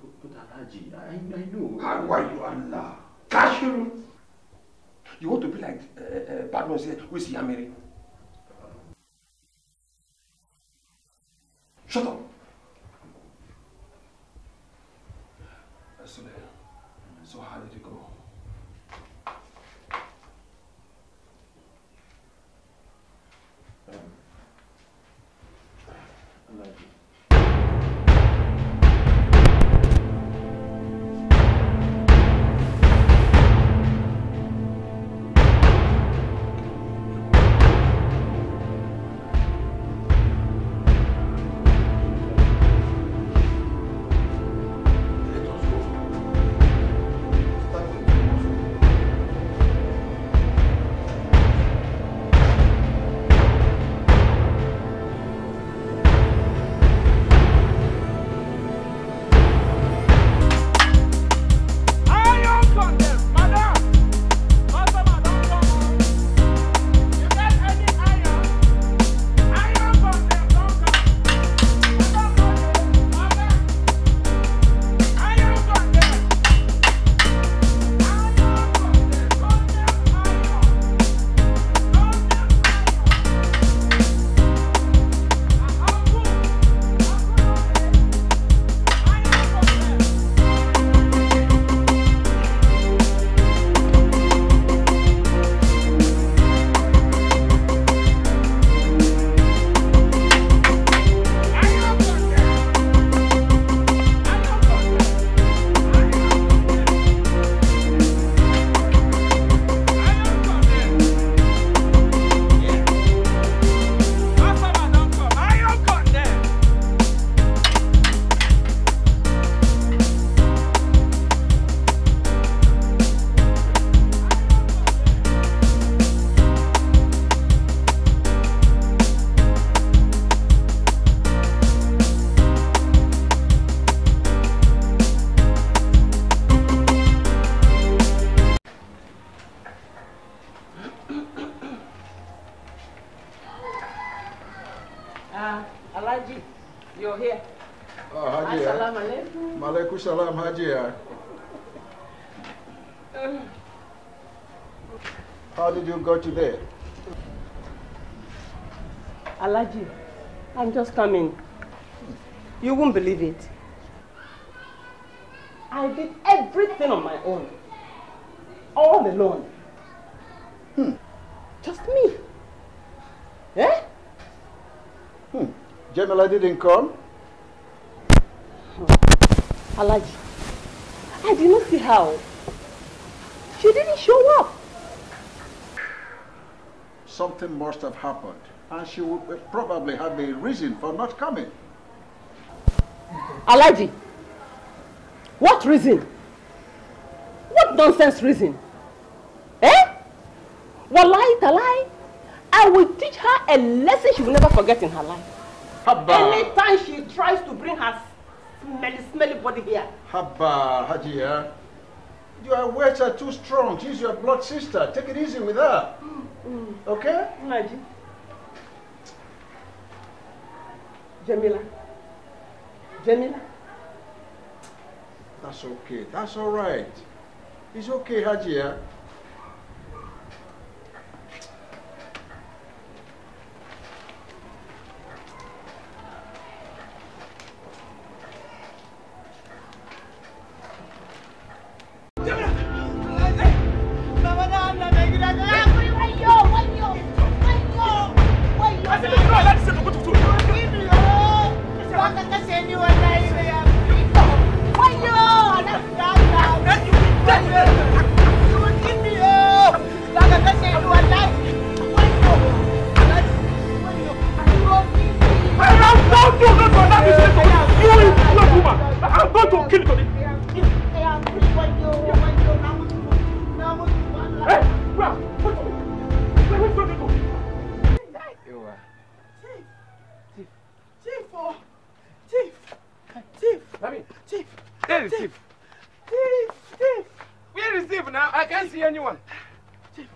But, but Alhaji, I, I know. How are you, Allah? Kashiru! You want to be like uh, uh, Badmus here, who is Yamiri? Shut up! So, so how did you just come in. You won't believe it. I did everything on my own. All alone. Hmm. Just me. Eh? Hmm. Jamila didn't come? Oh. Alaji. I did not see how. She didn't show up. Something must have happened and she would probably have a reason for not coming. Alaji, what reason? What nonsense reason? Eh? Wallahi talai, I will teach her a lesson she will never forget in her life. Habba. Anytime she tries to bring her smelly, smelly body here. Habba, Hajia. Your words are too strong. She's your blood sister. Take it easy with her. Mm. mm. Okay? Haji. Jamila. Jamila. That's okay. That's all right. It's okay, Hajia. Let's go! Baka kasi ni wala yun na yan. Wayo! Anak data! Tuwag hindi yun! Baka kasi ni wala yun. Wayo! Wayo! I'm not your God, but that is it. You will be a woman. I'm going to kill you. Hey, bro, what's up? Where are you going to go? Where is Steve? Steve, Steve. Where is Steve now? I can't see anyone. Steve.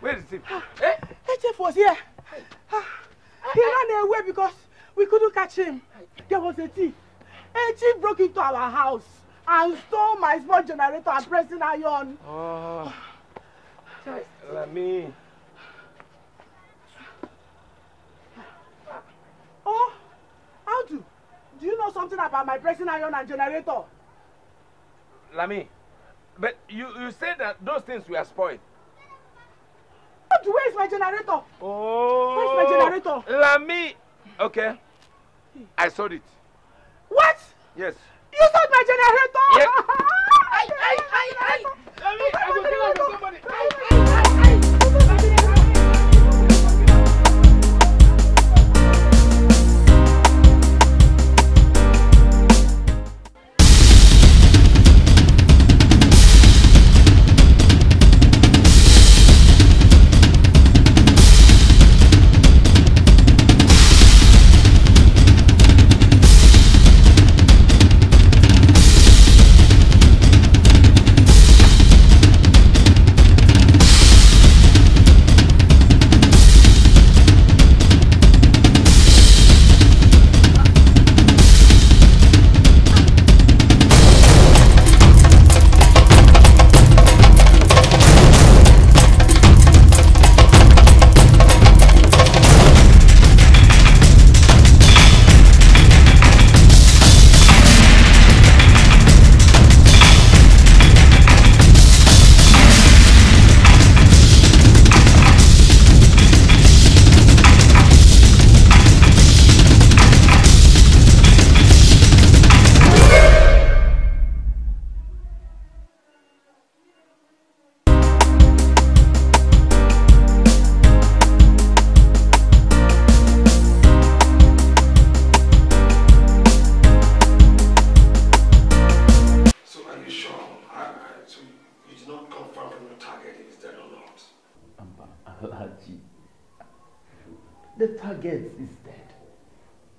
Where is Steve? eh? Steve was here. He ran away because we couldn't catch him. There was a thief. A thief broke into our house and stole my small generator and pressing iron. Oh. Let me. Oh, how do? Do you know something about my pressing iron and generator? Lami, but you, you said that those things were spoiled. But where is my generator? Oh. Where is my generator? Lami. Okay. I sold it. What? Yes. You sold my generator? Yes. I, I, I, I. Lami, I will kill somebody. I, I, I.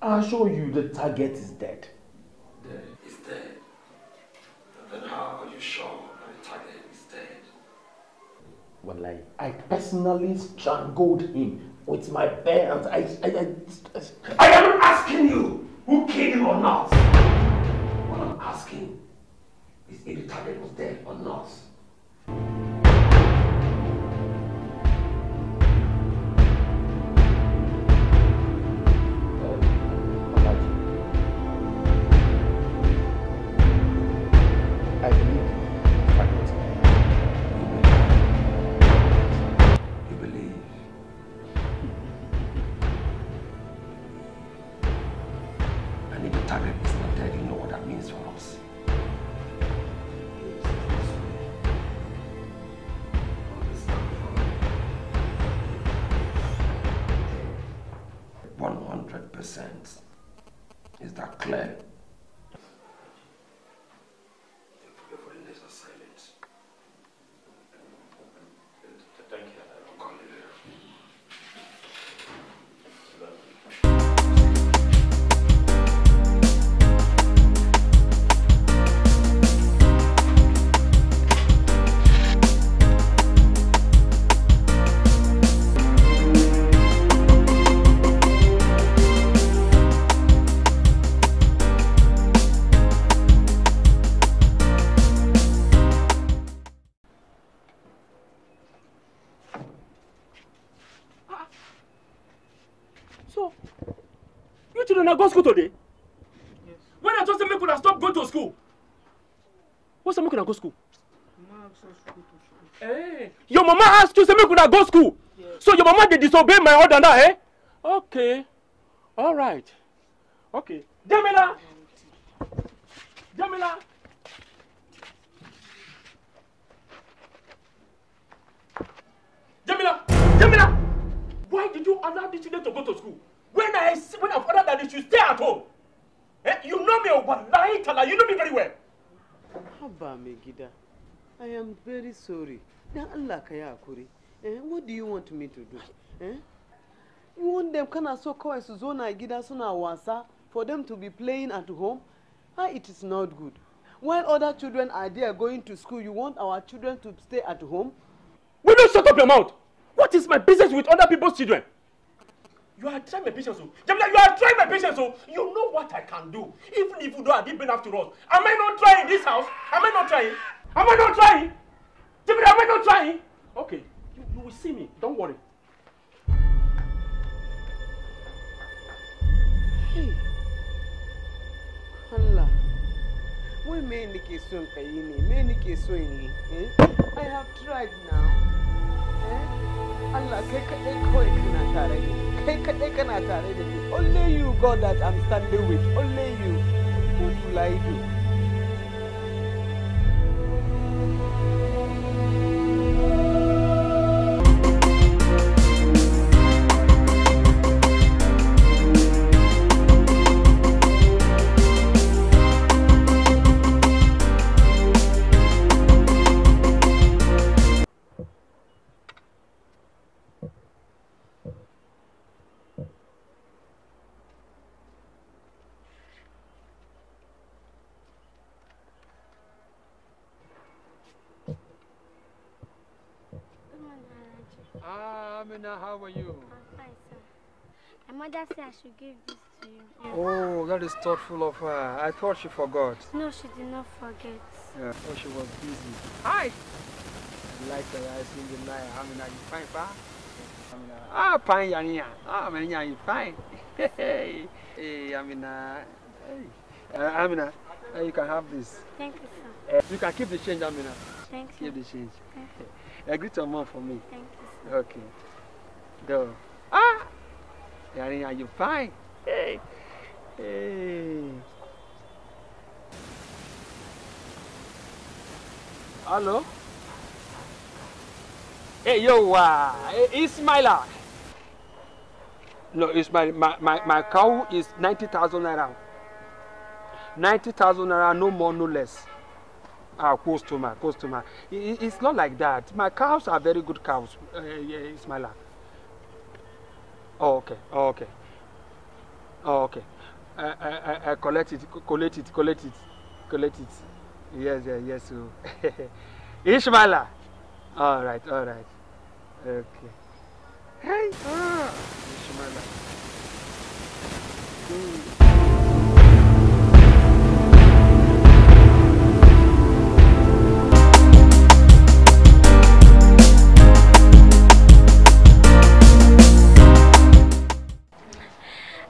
I assure you the target is dead. Dead? dead? Then how are you sure that the target is dead? Well, I, I personally strangled him with my bare hands. I, I, I, I, I am asking you who killed him or not. What I'm asking is if the target was dead or not. Is that clear? go school today? Yes. When I told them make una stop going to school. What's the make una go school? Hey. Eh. Your mama asked you say make una go school. Yes. So your mama dey disobey my order now, eh? Okay. All right. Okay. Jamila. Jamila. Jamila. Jamila. Why did you allow this children to go to school? When I see, when I've ordered that you should stay at home, eh? you know me, oh, Wallahi Tala, you know me very well. Haba Megida, I am very sorry. Dan Allah ka yi Eh? What do you want me to do? Eh? You want them kind of so called su gida suna wasa for them to be playing at home? Ah, it is not good. While other children are there going to school, you want our children to stay at home? Will you shut up your mouth? What is my business with other people's children? You are trying my patience, oh Jamila, you are trying my patience, oh! you know what I can do. Even if you don't have been after us. Am I not trying this house? Am I not trying? Am I not trying? Jamila, am I not trying? Okay, you, you will see me. Don't worry. Hey. Allah. Why many nike so many Me nike I have tried now. Eh? Allah, take kadai kawai kana tare da ni. kai kaɗai kana tare da ni only you god that i'm standing with only you what will i do Amina, how are you? I'm fine, sir. My mother said I should give this to you. Oh, that is thoughtful of her. I thought she forgot. No, she did not forget. Yeah. Oh, she was busy. Hi! I like her eyes in the night. Amina, you fine, pa? Amina. Ah, fine, Yania. Ah, Amina, you fine. hey, Amina. Uh, hey. Uh, Amina, uh, you can have this. Thank you, sir. Uh, you can keep the change, Amina. Uh, Thank you. Keep the change. Thank you. Uh, greet your mom for me. Thank you, sir. Okay. Go. Ah! Daddy, are you fine? Hey. Hey. Hello? Hey, yo, uh, luck. No, it's my, my, my my cow is 90,000 naira. 90,000 naira, no more, no less. Ah, customer, customer. It, it's not like that. My cows are very good cows, uh, yeah, luck. Oh, okay, oh, okay, oh, okay. I, I, I collect it, collect it, collect it, collect it. Yes, yes, yes. Ishmala. All right, all right. Okay. Hey, ah,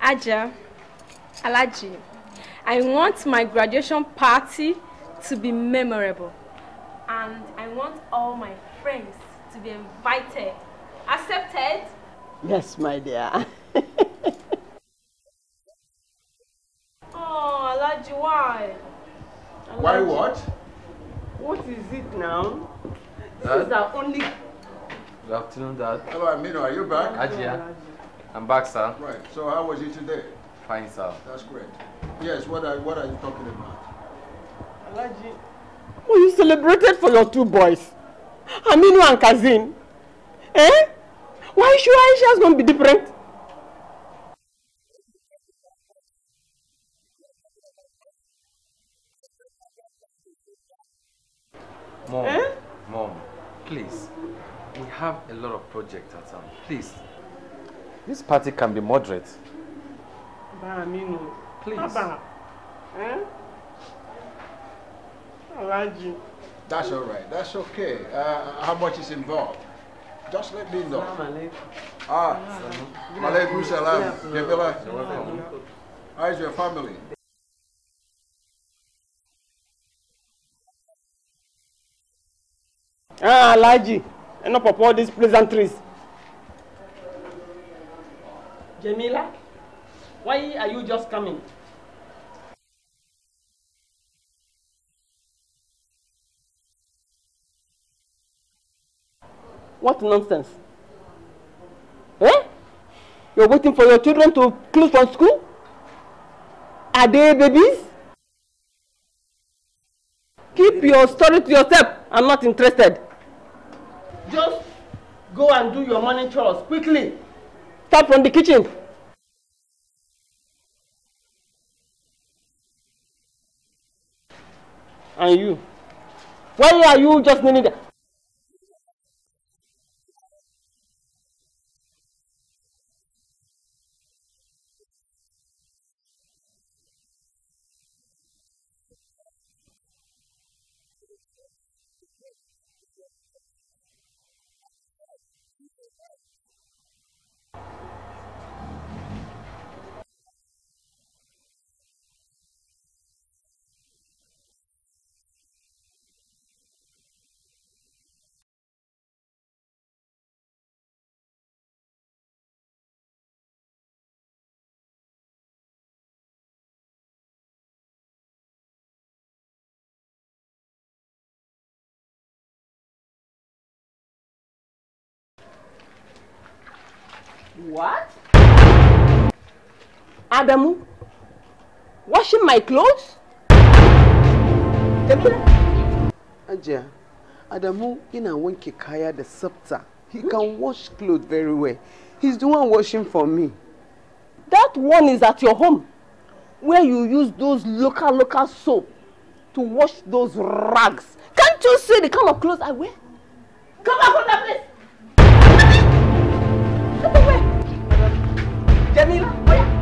Aja Alaji, I want my graduation party to be memorable and I want all my friends to be invited. Accepted? Yes, my dear. oh, Alaji, why? Alaji. Why what? What is it now? Dad? This is our only... Good afternoon, Dad. Hello, Amino. Are you back? Ajia. I'm back, sir. Right. So how was you today? Fine, sir. That's great. Yes, what are, what are you talking about? Alaji. Well, oh, you celebrated for your two boys, Aminu and Kazin. Eh? Why should Aisha's going to be different? Mom, eh? Mom, please. We have a lot of projects at home. Please, This party can be moderate. Bá mi Please. Baba. Eh? Alaji. That's all right. That's okay. Uh, how much is involved? Just let me know. Ah, Malaikum Salam. Kebila. How is your family? Ah, Alaji, enough of all these pleasantries. Jamila, why are you just coming? What nonsense? Eh? You're waiting for your children to close from school? Are they babies? Keep your story to yourself. I'm not interested. Just go and do your morning chores quickly. Start from the kitchen. And you. Why are you just kneeling there? Adamu, washing my clothes? Jamila? Ajiya, Adamu ina wanke kaya the sabta. He can wash clothes very well. He's the one washing for me. That one is at your home where you use those local local soap to wash those rags. Can't you see the kind of clothes I wear? Come out from that place! Get away! Jamila, where?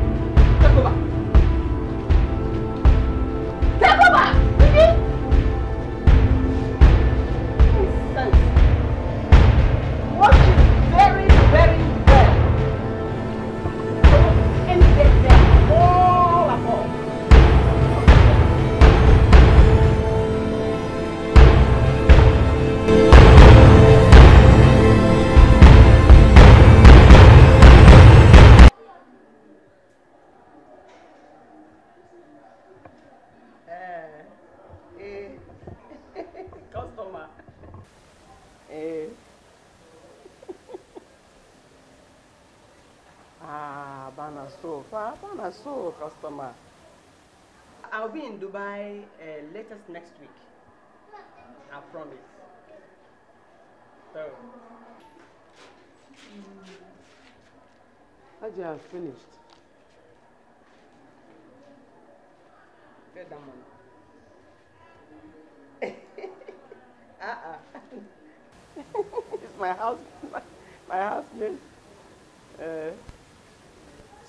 so customer. I'll be in Dubai uh, latest next week. I promise. So. Haji has finished. Get that money. uh-uh. it's my house, my, my Uh,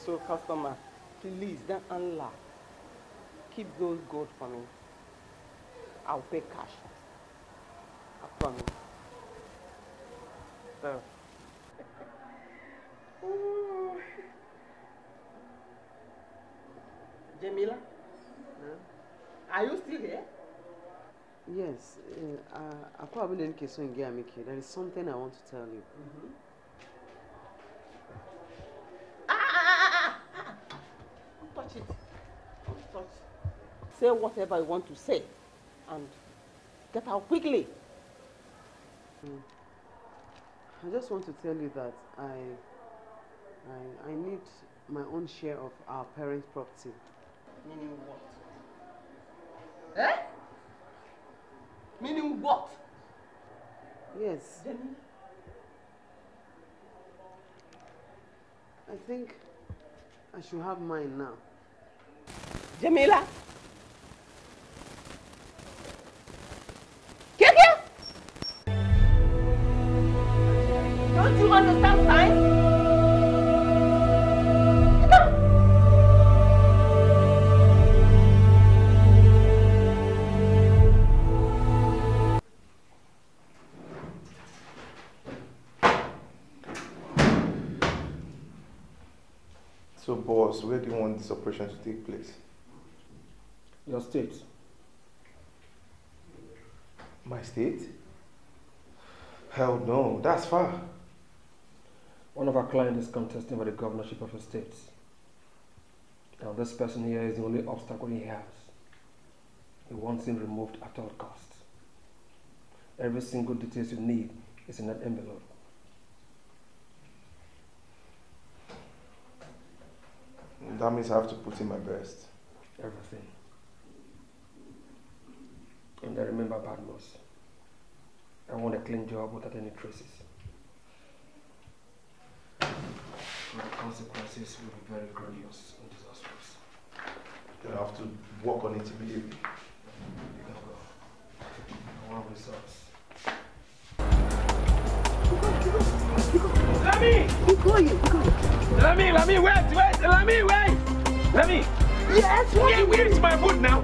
so customer. Please, don't unlock. keep those gold for me. I'll pay cash. I promise. So. Jamila? Huh? Hmm? Are you still here? Yes. Uh, get uh, e there is something I want to tell you. Mm-hmm. touch it. Don't touch. Say whatever you want to say and get out quickly. Hmm. I just want to tell you that I, I, I need my own share of our parents' property. Meaning what? Eh? Meaning what? Yes. Then... I think I should have mine now. Jamila? क्या क्या? Don't you understand? this operation to take place? Your state. My state? Hell no, that's far. One of our clients is contesting for the governorship of a state. Now this person here is the only obstacle he has. He wants him removed at all costs. Every single detail you need is in that envelope. that means I have to put in my best. Everything. And I remember news. I want a clean job without any traces. My consequences will be very grandiose and disastrous. Then I have to work on it immediately. You can go. I want results. Lami! Keep going, keep going. Lami, Lami, wait, wait, Lami, wait! Lami! Yes, what yeah, do where is my food now?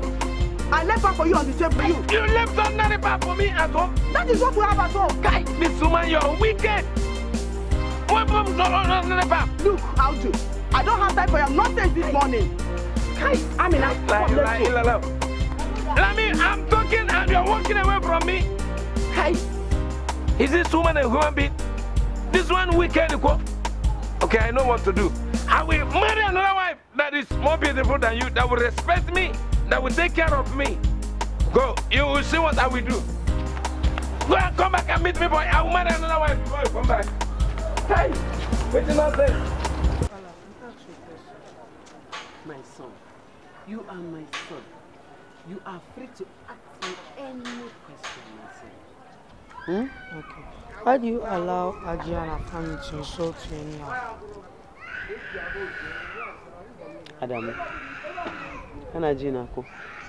I left that for you on the table for you. You left that ordinary bar for me at home? That is what we have at home. Guy, Miss woman, you're wicked. Look, I'll do. I don't have time for your nonsense this morning. guy. I'm in a Let me. I'm talking and you're walking away from me. guy. Is this woman a human being? This one wicked, okay, I know what to do. I will marry another wife that is more beautiful than you, that will respect me, that will take care of me. Go, you will see what I will do. Go and come back and meet me, boy. I will marry another wife. Boy, come back. Hey, wait a not My son, you are my son. You are free to act in any Hmm? Okay. Why do you allow Aji and her family to insult you anyhow? Adam, kana ji na ko?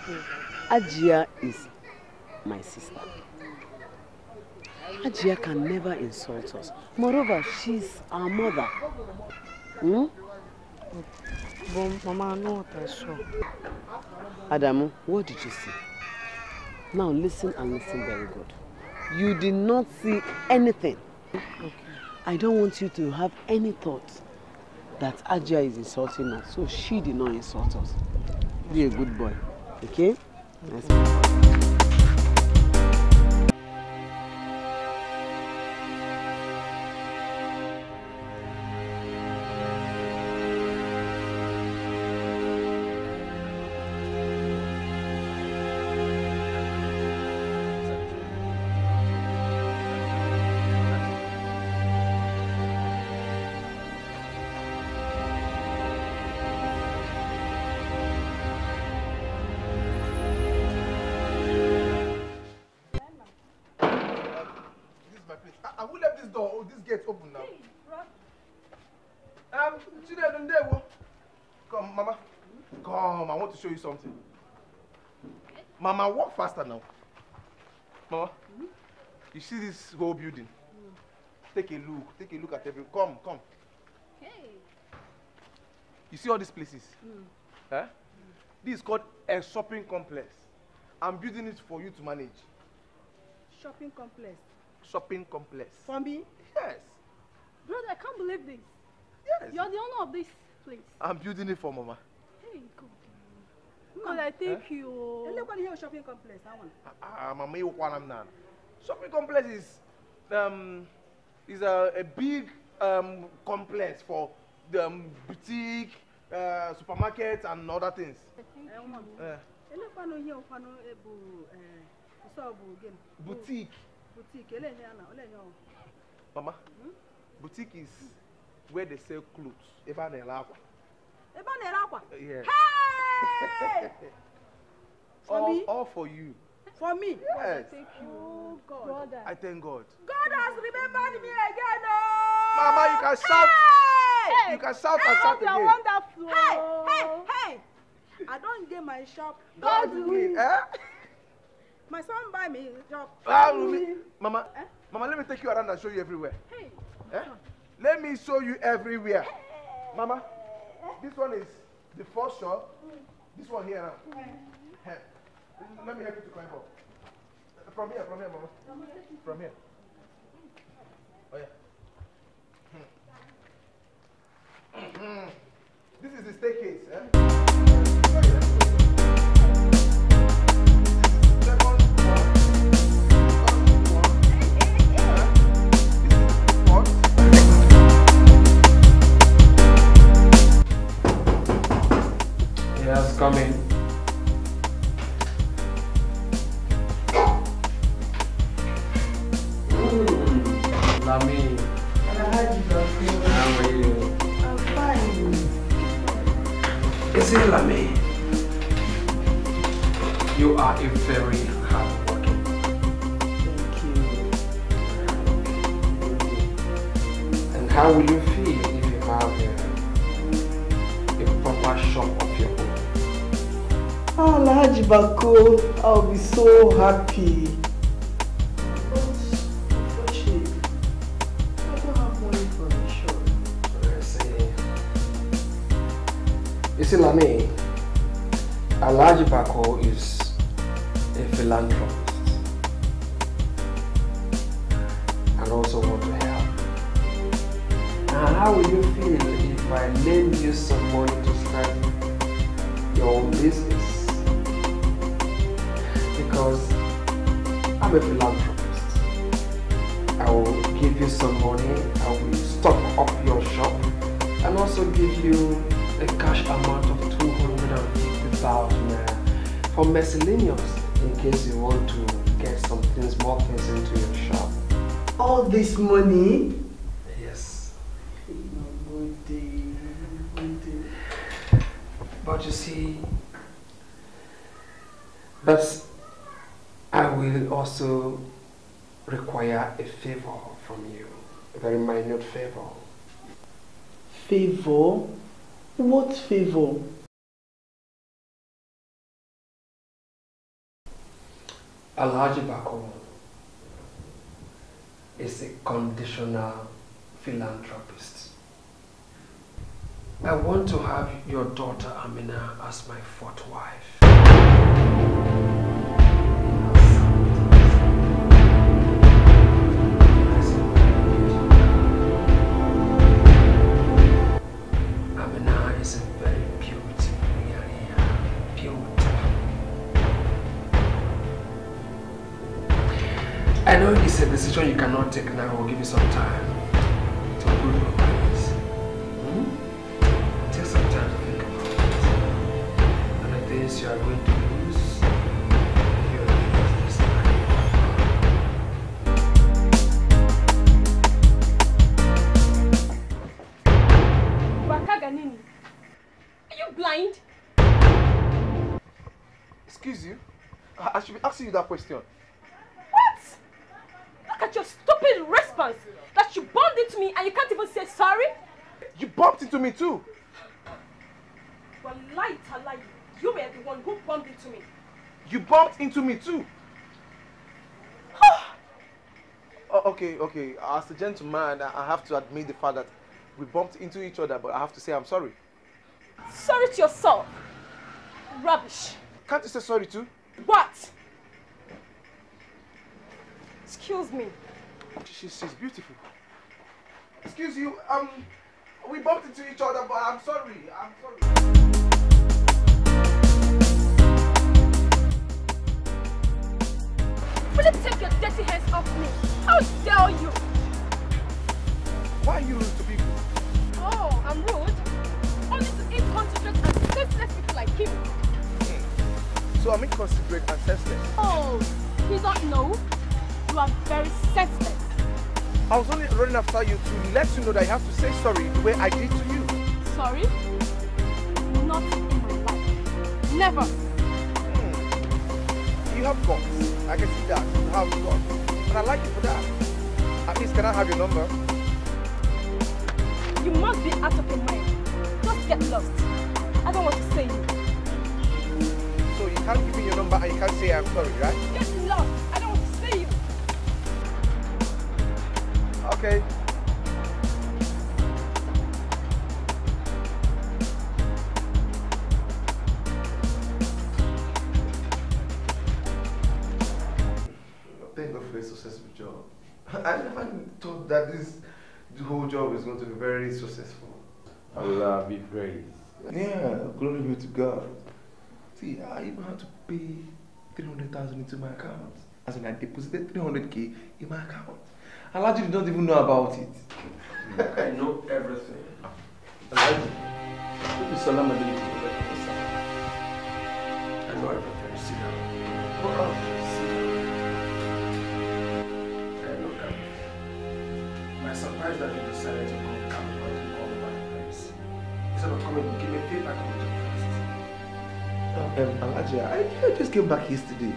Hmm. Ajiya is my sister. Ajiya can never insult us. Moreover, she's our mother. Hmm? But Mama, I know what I saw. Adamu, what did you see? Now listen and listen very good. You did not see anything. Okay. I don't want you to have any thought that Ajia is insulting us. So she did not insult us. Be a good boy. Okay? okay. Nice. show you something. Mama, walk faster now. Mama, mm -hmm. you see this whole building? Mm. Take a look. Take a look at everything. Come, come. Hey. You see all these places? Mm. Eh? Mm. This is called a shopping complex. I'm building it for you to manage. Shopping complex. Shopping complex. For me? Yes. Brother, I can't believe this. Yes. You're the owner of this place. I'm building it for Mama. Hey, come. Konate Kyo. And look at shopping complex, I ah, ah, ah, mama, you want them Shopping complex is, um, is a, a big um, complex for the um, boutique, uh, supermarket, and other things. Thank you. Uh, boutique. Boutique. Mama, hmm? boutique is where they sell clothes. Even in ebe ọ na-ere akwa for all, me all for you for me yes I thank you oh, God. Brother. I thank God God has remembered me again oh mama you can shout hey! you can shout and shout again hey wonderful hey hey oh. hey I don't get my shop God will eh? my son buy me job God ah, will. mama eh? mama let me take you around and show you everywhere hey eh? let me show you everywhere hey. mama. This one is the first shot. Mm. This one here now. Let me help you to climb up. From here, from here, mama. From here. Oh, yeah. Hmm. Hmm. this is the staircase. Eh? Yes, has come in. Mm. Lami. How are you? I'm fine. Is it Lami? You are a very hard worker. Thank you. And how will you lá de Baku, so happy. favor. Alhaji is a conditional philanthropist. I want to have your daughter Amina as my fourth wife. Take a nap. We'll Give you some time to improve your plans. Hmm? Take some time to think about it. And the things you are going to lose are you blind? Excuse you? I, I should be asking you that question. What? Look at your stupid response that you bumped into me and you can't even say sorry? You bumped into me too. Well, light, light. You were the one who bumped into me. You bumped into me too. oh, okay, okay. As a gentleman, I have to admit the fact that we bumped into each other, but I have to say I'm sorry. Sorry to yourself. Rubbish. Can't you say sorry too? What? Excuse me. She's, she's beautiful. Excuse you, um, we bumped into each other, but I'm sorry. I'm sorry. Please take your dirty hands off me? How dare you! Why are you rude to people? Oh, I'm rude? Only to inconsiderate and senseless people like him. Hmm. So I'm inconsiderate and senseless? Oh, he's not no. You are very senseless. I was only running after you to let you know that I have to say sorry the way I did to you. Sorry? Not in my life. Never. Hmm. You have guts. I can see that. You have guts. And I like you for that. At least can I have your number? You must be out of your mind. Just get lost. I don't want to say you. So you can't give me your number and you can't say I'm sorry, right? Get lost. Okay. Thank God for a successful job. I never thought that this whole job is going to be very successful. Allah uh, be praised. Yeah, glory be to God. See, I even had to pay 300,000 into my account. As in, I deposited 300k in my account. Aladjiri doesn't even know about it. I know everything. I know everything. Sit down. Sit down. I know everything. My surprise that you decided to come to all Instead of coming to give me paper, to first. Um, Aladjiri, I, I just came back yesterday.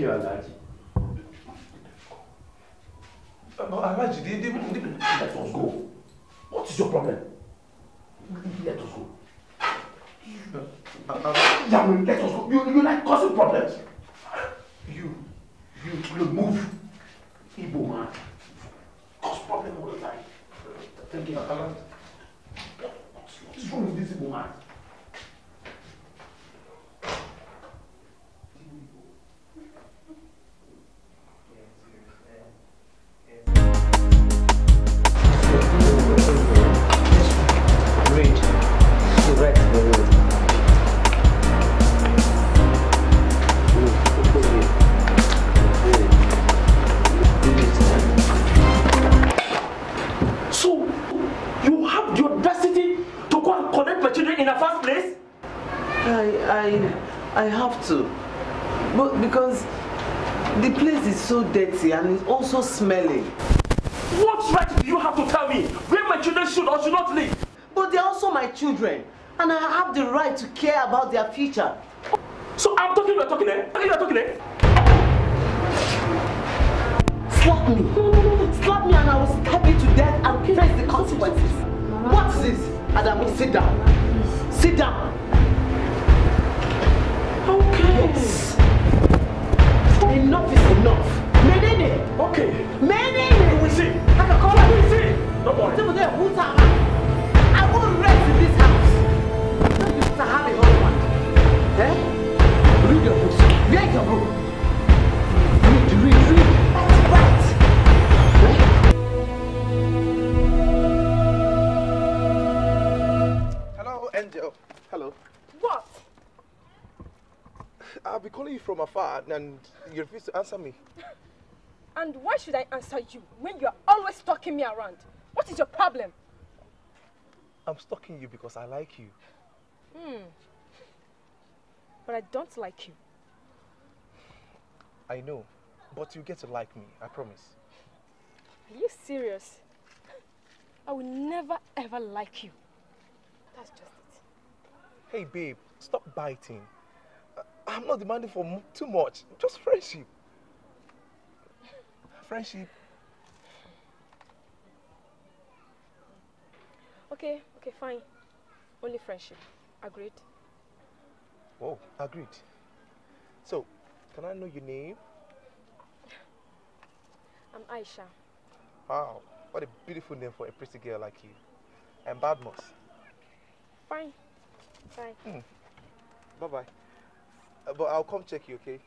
you on to. But because the place is so dirty and it's also smelly. What right do you have to tell me where my children should or should not live? But they're also my children and I have the right to care about their future. So I'm talking, you're talking, eh? Talking, you're talking, eh? Slap me. Slap me and I will stab you to death and face the consequences. What is this? Adamu, sit down. Sit down. call I will rest in this house. Don't you have eh? Read your Read your book. Read, read, read. That's right. Hello, Angel. Hello. What? I'll be calling you from afar and you refuse to answer me. And why should I answer you when you're always stalking me around? What is your problem? I'm stalking you because I like you. Hmm. But I don't like you. I know. But you get to like me, I promise. Are you serious? I will never ever like you. That's just it. Hey babe, stop biting. Uh, I'm not demanding for too much, just friendship friendship. Okay, okay, fine. Only friendship. Agreed. Oh, agreed. So, can I know your name? I'm Aisha. Wow, what a beautiful name for a pretty girl like you. And Badmos. Fine. Fine. Hmm. Bye-bye. Uh, but I'll come check you, okay?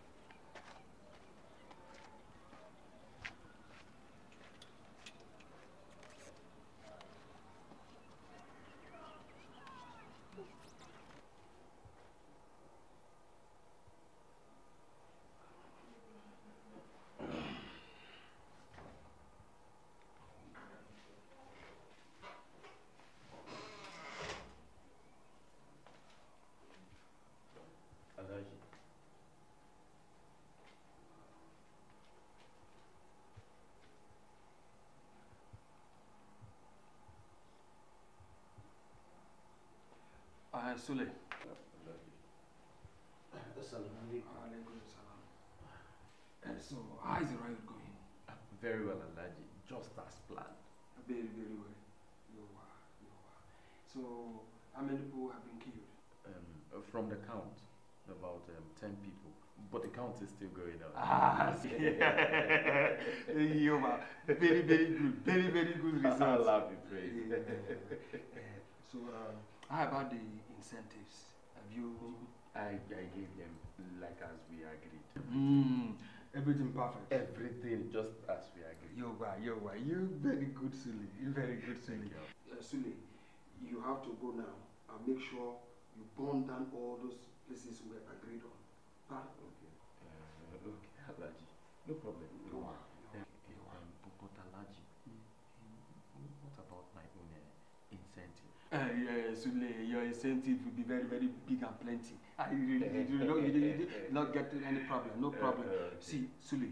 Sule. so, how is the riot going? Very well, Alaji. Just as planned. Very, very well. You are, you are. So, how many people have been killed? Um, from the count, about um, 10 people. But the count is still going on. Ah, you are. Very, very good. Very, very good results. I love you, praise. Yeah. so, uh, how about the incentives. Have you? I, I gave them like as we agreed. Mm, everything perfect. Everything just as we agreed. Yoba, Yoba, you very good, Sule. You very good, Sule. Uh, Sule, you have to go now and make sure you burn down all those places we agreed on. Huh? Ah, okay. Uh, okay, Alaji. No problem. No. Wow. Uh, ah, yes, your incentive will be very, very big and plenty. I ah, really, you, you, not get any problem, no problem. Uh, okay. See, Sule,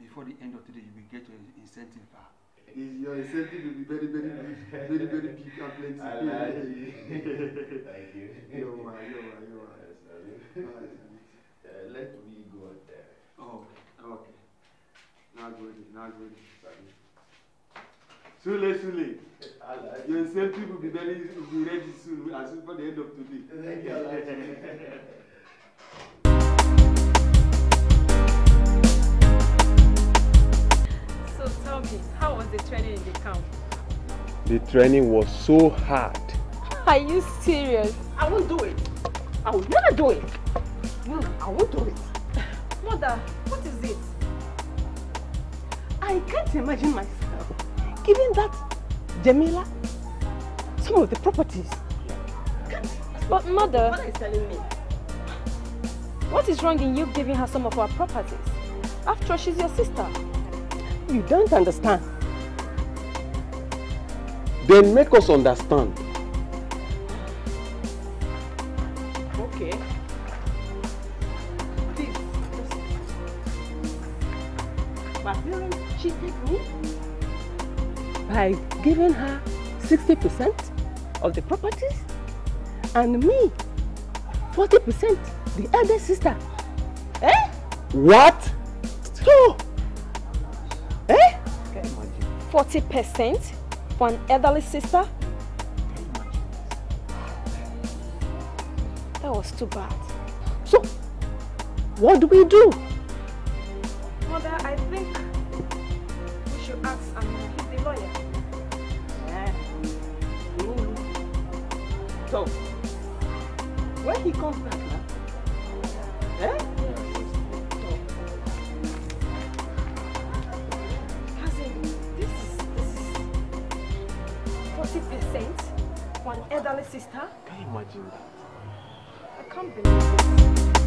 before the end of today, you will get your incentive back. Ah. Is your incentive will be very, very, very, very, very big and plenty. I like you. Thank you. You're right, you're right, you're right. Uh, let me go there. Oh, okay. okay. Now go in, now go in. Sule, Sule. Your safety will be ready, will be ready soon, as soon for the end of today. Thank you. so tell me, how was the training in the camp? The training was so hard. Are you serious? I won't do it. I will never do it. No, I won't do it. Mother, what is it? I can't imagine myself Giving that Jamila some of the properties. But mother... What is telling me? What is wrong in you giving her some of our properties? After all, she's your sister. You don't understand. Then make us understand. by giving her 60% of the properties and me 40%, the elder sister. Eh? What? So? Eh? 40% for an elderly sister? That was too bad. So, what do we do? Mother, I think So, when he comes back now, eh? Percent for an elderly sister? Can you imagine that? I can't believe it.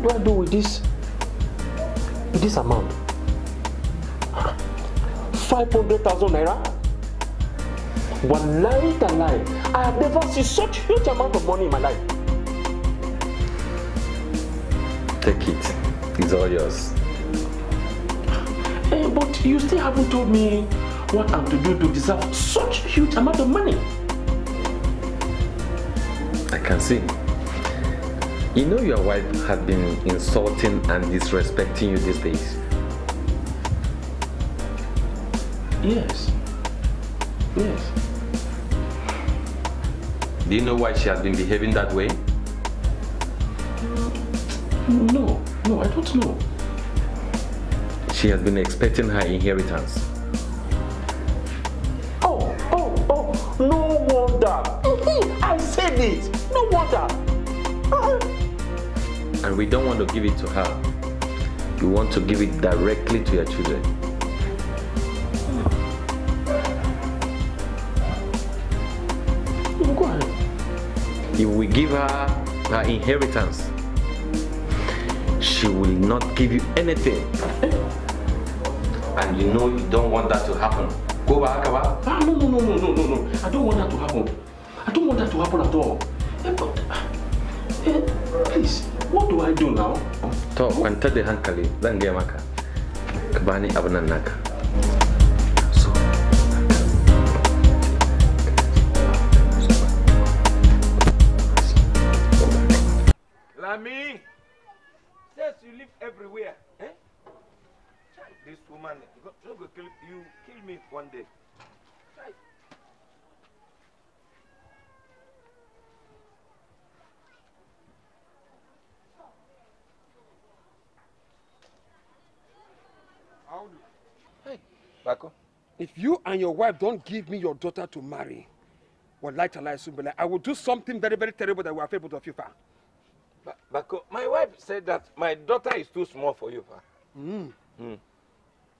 What do I do with this? With this amount? 500,000 naira? One night alive. I have never seen such huge amount of money in my life. Take it. It's all yours. Hey, eh, but you still haven't told me what I'm to do to deserve such huge amount of money. I can see. You know your wife has been insulting and disrespecting you these days. Yes. Yes. Do you know why she has been behaving that way? No, no, I don't know. She has been expecting her inheritance. Oh, oh, oh, no wonder. Mm-hmm. I said it. No wonder. Uh-uh and we don't want to give it to her. We want to give it directly to your children. Go ahead. If we give her her inheritance, she will not give you anything. And you know you don't want that to happen. Go back, Ah, no, no, no, no, no, no, no. I don't want that to happen. I don't want that to happen at all. what do I do now? To kwanta da hankali zan gaya maka ka bani abin nan naka. and your wife don't give me your daughter to marry, well, light Allah lie soon, but I will do something very, very terrible that will affect both of you, pa. Bako, my wife said that my daughter is too small for you, pa. Mm. Mm.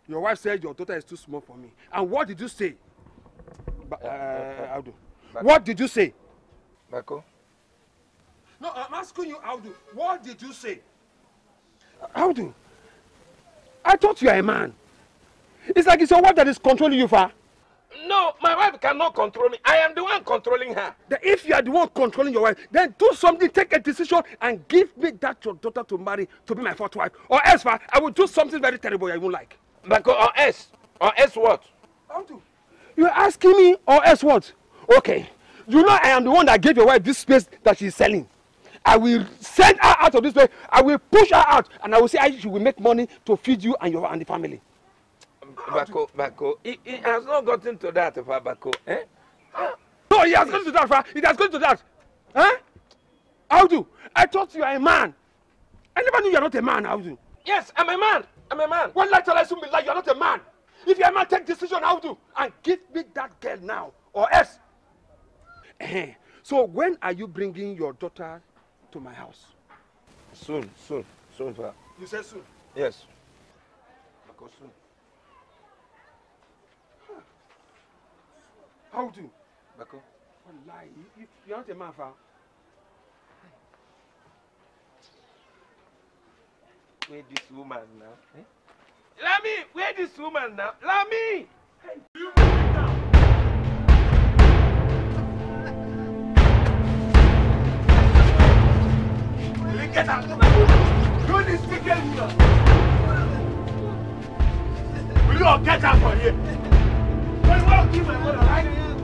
Your wife said your daughter is too small for me. And what did you say? Ba eh, eh, eh. uh, Audu. Bako. What did you say? Bako. No, I'm asking you, Audu, what did you say? Audu, I thought you are a man. It's like it's your wife that is controlling you, Fa. No, my wife cannot control me. I am the one controlling her. Then if you are the one controlling your wife, then do something, take a decision, and give me that your daughter to marry to be my fourth wife. Or else, I will do something very terrible I won't like. Because, or else? Or else what? You're asking me, or else what? Okay. You know I am the one that gave your wife this space that she's selling. I will send her out of this place. I will push her out, and I will say she will make money to feed you and your and the family. Bako, Bako, he, he has not gotten to that, far Bako. Eh? No, he has gotten to that, far. He has gotten to that. Eh? Audu, I thought you are a man. I never knew you are not a man, Audu. Yes, I'm a man. I'm a man. Well, like Allah, you are not a man. If you are a man, take decision, Audu, and give me that girl now, or else. so when are you bringing your daughter to my house? Soon, soon, soon, Fa. You said soon? Yes. Because soon. How to? Bako. Wallahi, you, you are not a man, fa. Where this woman now? Eh? Lami, where this woman now? Lami! Hey. Get out! Do this wicked Will you all get out from here? Fuck you, man. What a life.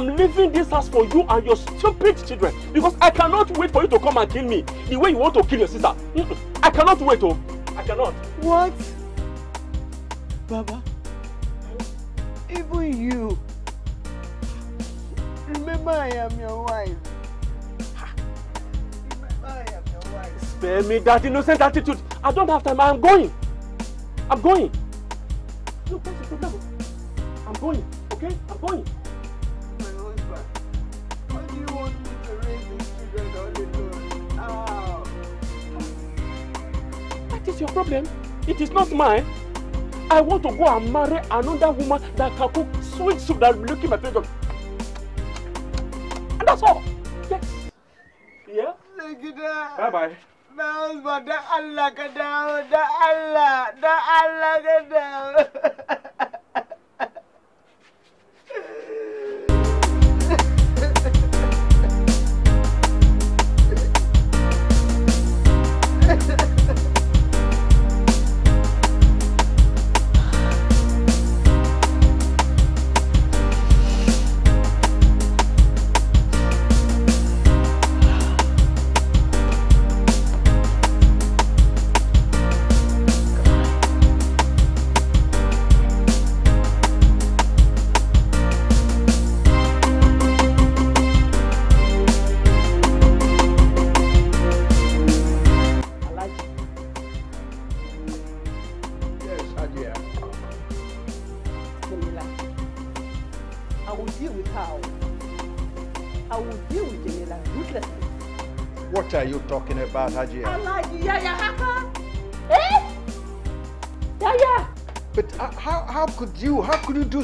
I'm leaving this house for you and your stupid children because I cannot wait for you to come and kill me the way you want to kill your sister. I cannot wait, oh. I cannot. What? Baba, even you. Remember I am your wife. Spare me that innocent attitude. I don't have time. I'm going. I'm going. use mine. I want to go and marry another woman that can cook sweet soup that will look in my face. And that's all. Yes. Yeah. Bye bye. Na husband, da Allah ka dawo, da Allah, da Allah ka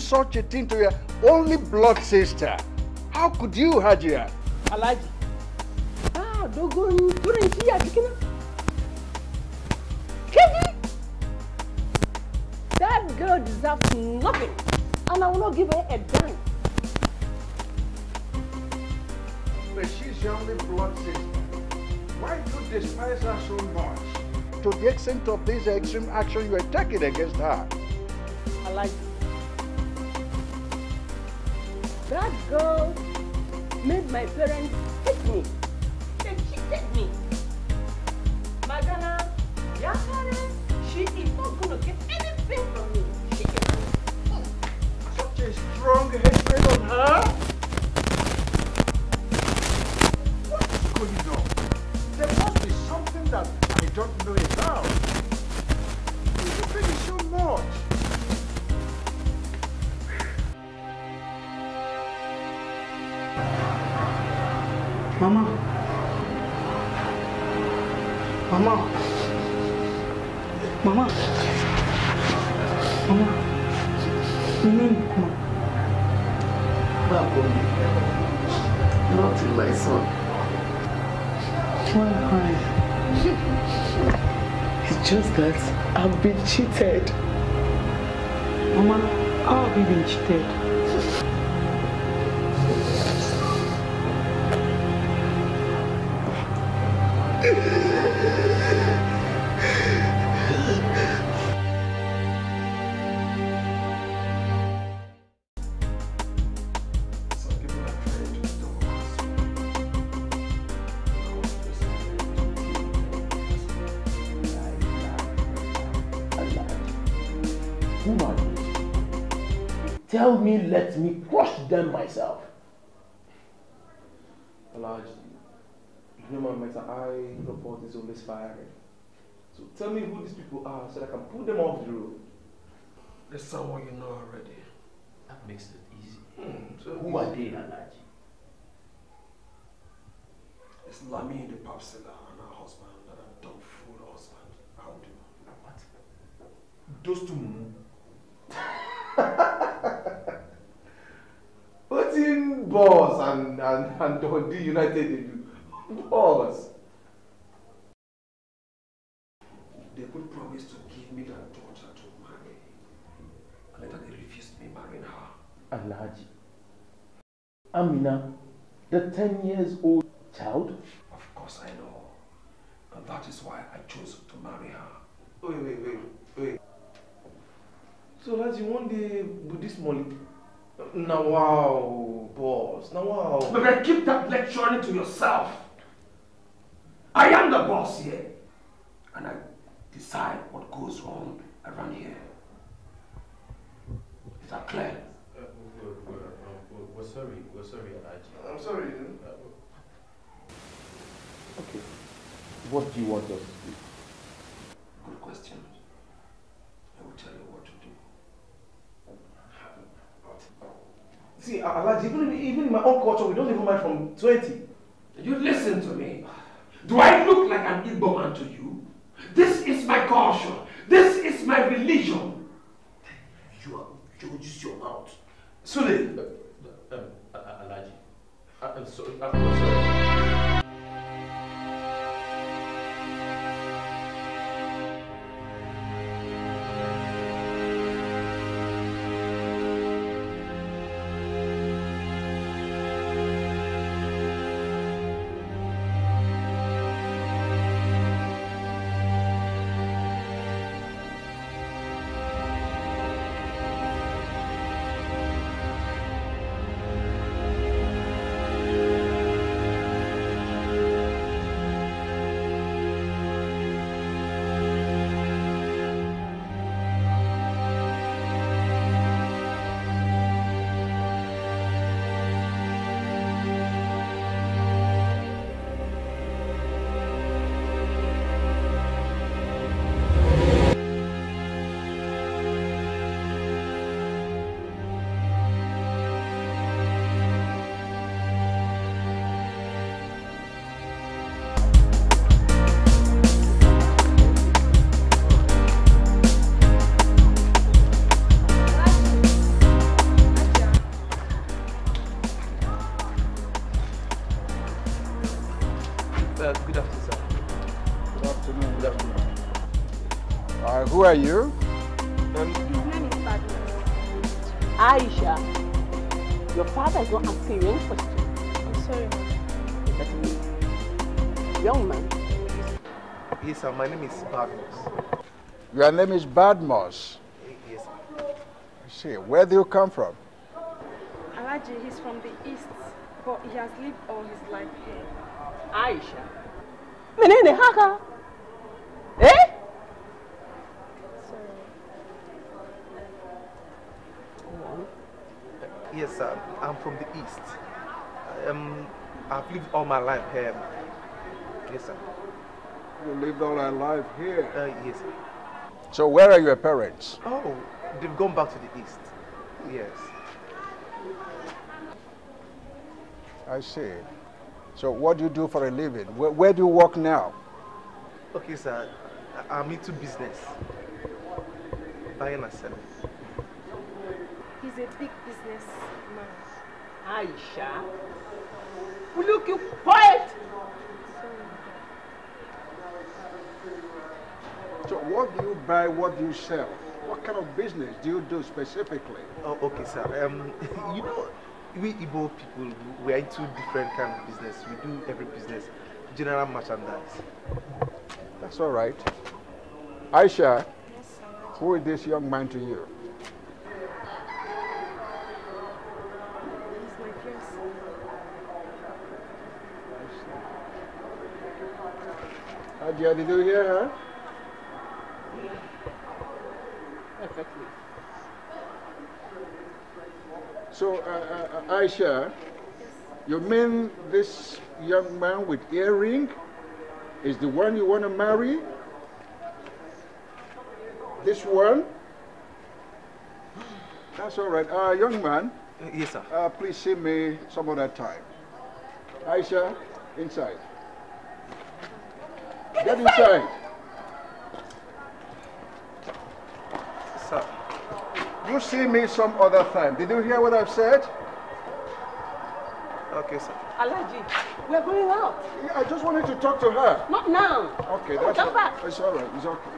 such a thing to your only blood sister? How could you, Hajia? Alaji. Ah, dogon turin shi a cikin. Keji! That girl deserves nothing, and I will not give her a dime. But she's your only blood sister. Why do you despise her so much? To the extent of this extreme action you are taking against her. I like That girl made my parents hate me. They cheated me. Magana, Yakare, she is not going to get anything from me. She is such a strong hatred on her. What is going on? There must be something that I don't know about. You are pretty so much. why crying. it's just that I've been cheated. Mama, how have you been cheated? me let me crush them myself. Elijah, you matter, I report is always So tell me who these people are so that I can pull them off the road. There's someone you know already. That makes it easy. Mm, so who are they, Elijah? It's Lami the pub and her husband, and a dumb fool husband. How do? you What? Those two Putting balls and, and, and the United do Balls. They could promise to give me that daughter to marry. And later they refused me marrying her. Alaji, Amina, the 10 years old child? Of course I know. And that is why I chose to marry her. Wait, wait, wait, wait. So that's one day with this money. Now wow, boss. Now wow. But keep that lecturing to yourself. I am the boss here. And I decide what goes on around here. Is that clear? Uh, we're, we're, we're, we're, sorry. We're sorry, Alaji. I'm sorry. Uh, okay. What do you want us to do? Good question. See, Alaji, even, even in my own culture, we don't even mind from 20. You listen to me. Do I look like an Igbo man to you? This is my culture. This is my religion. You are, you just your mouth. Sule. Uh, uh, um, uh, uh Alaji. I'm sorry. I'm sorry. Badmos. Your name is Badmos? Yes. See, where do you come from? Alaji, he's from the east, but he has lived all his life here. Aisha. Menene haka? Eh? Yes, sir. I'm from the east. Um, I've lived all my life here. Yes, sir. We lived all our life here. Uh, yes. So where are your parents? Oh, they've gone back to the east. Yes. I see. So what do you do for a living? Where, where do you work now? Okay, sir. I'm into business. Buying and selling. He's a big business man. Aisha, will you keep quiet? So what do you buy, what do you sell? What kind of business do you do specifically? Oh, okay, sir. Um, you know, we Igbo people, we are into different kind of business. We do every business, general merchandise. That's all right. Aisha, yes, who is this young man to you? He's my fiance. How did you hear her? So, uh, uh, uh, Aisha, you mean this young man with earring is the one you want to marry? This one? That's all right. Uh, young man. Uh, yes, sir. Uh, please see me some other time. Aisha, inside. Get, inside. You see me some other time. Did you hear what I've said? Okay, sir. Alaji, we're going out. Yeah, I just wanted to talk to her. Not now. Okay, oh, that's... Come back. It's all right. It's okay.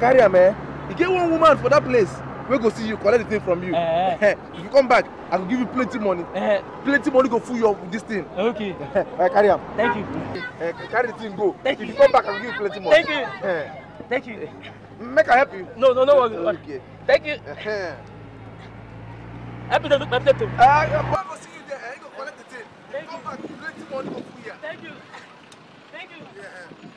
carry am eh e get one woman for that place wey go see you collect the thing from you uh if you come back i go give you plenty money uh plenty money go full your this thing okay uh, carry am thank you uh, carry the thing go thank if you come back i go give you plenty money thank you thank you make i help you no no no worry okay. thank you uh -huh. help me to look my plate too. Uh, your boy go see you there he go collect the thing thank come you. back plenty money go full here. thank you thank you. Yeah.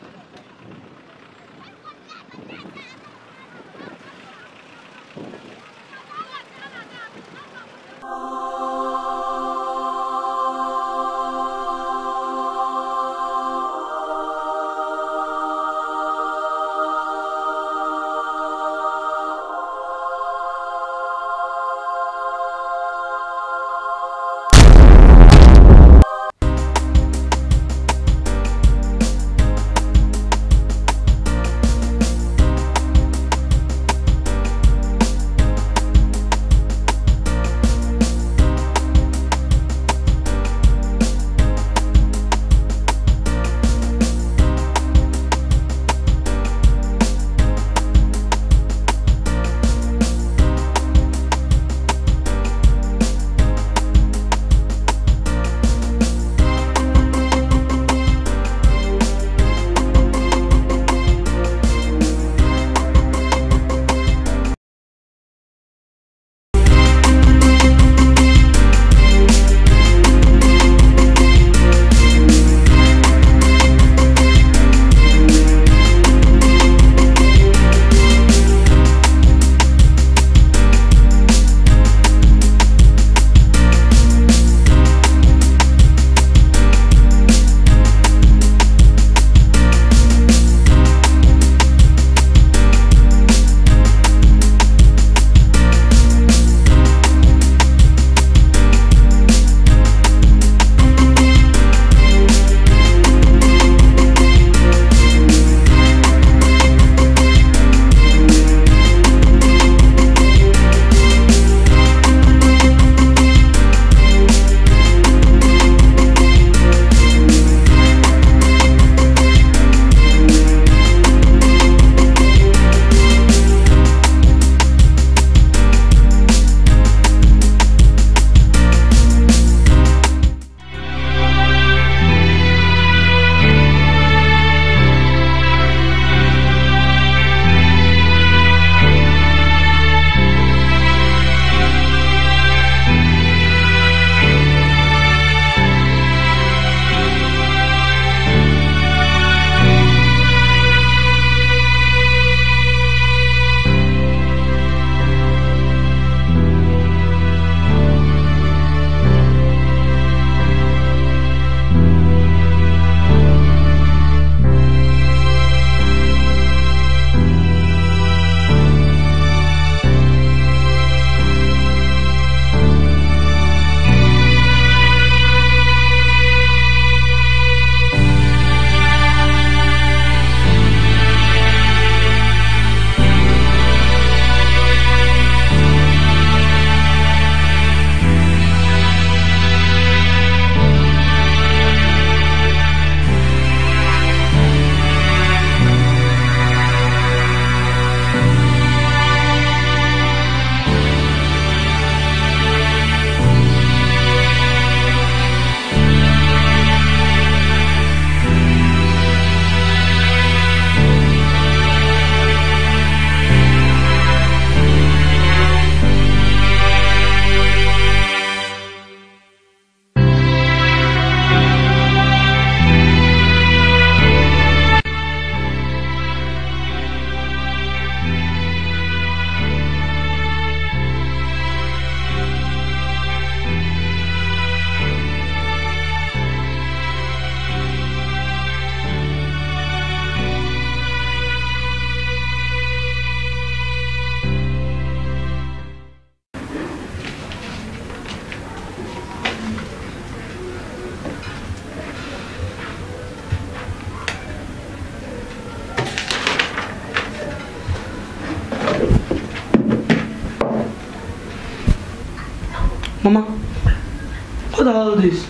What the hell this?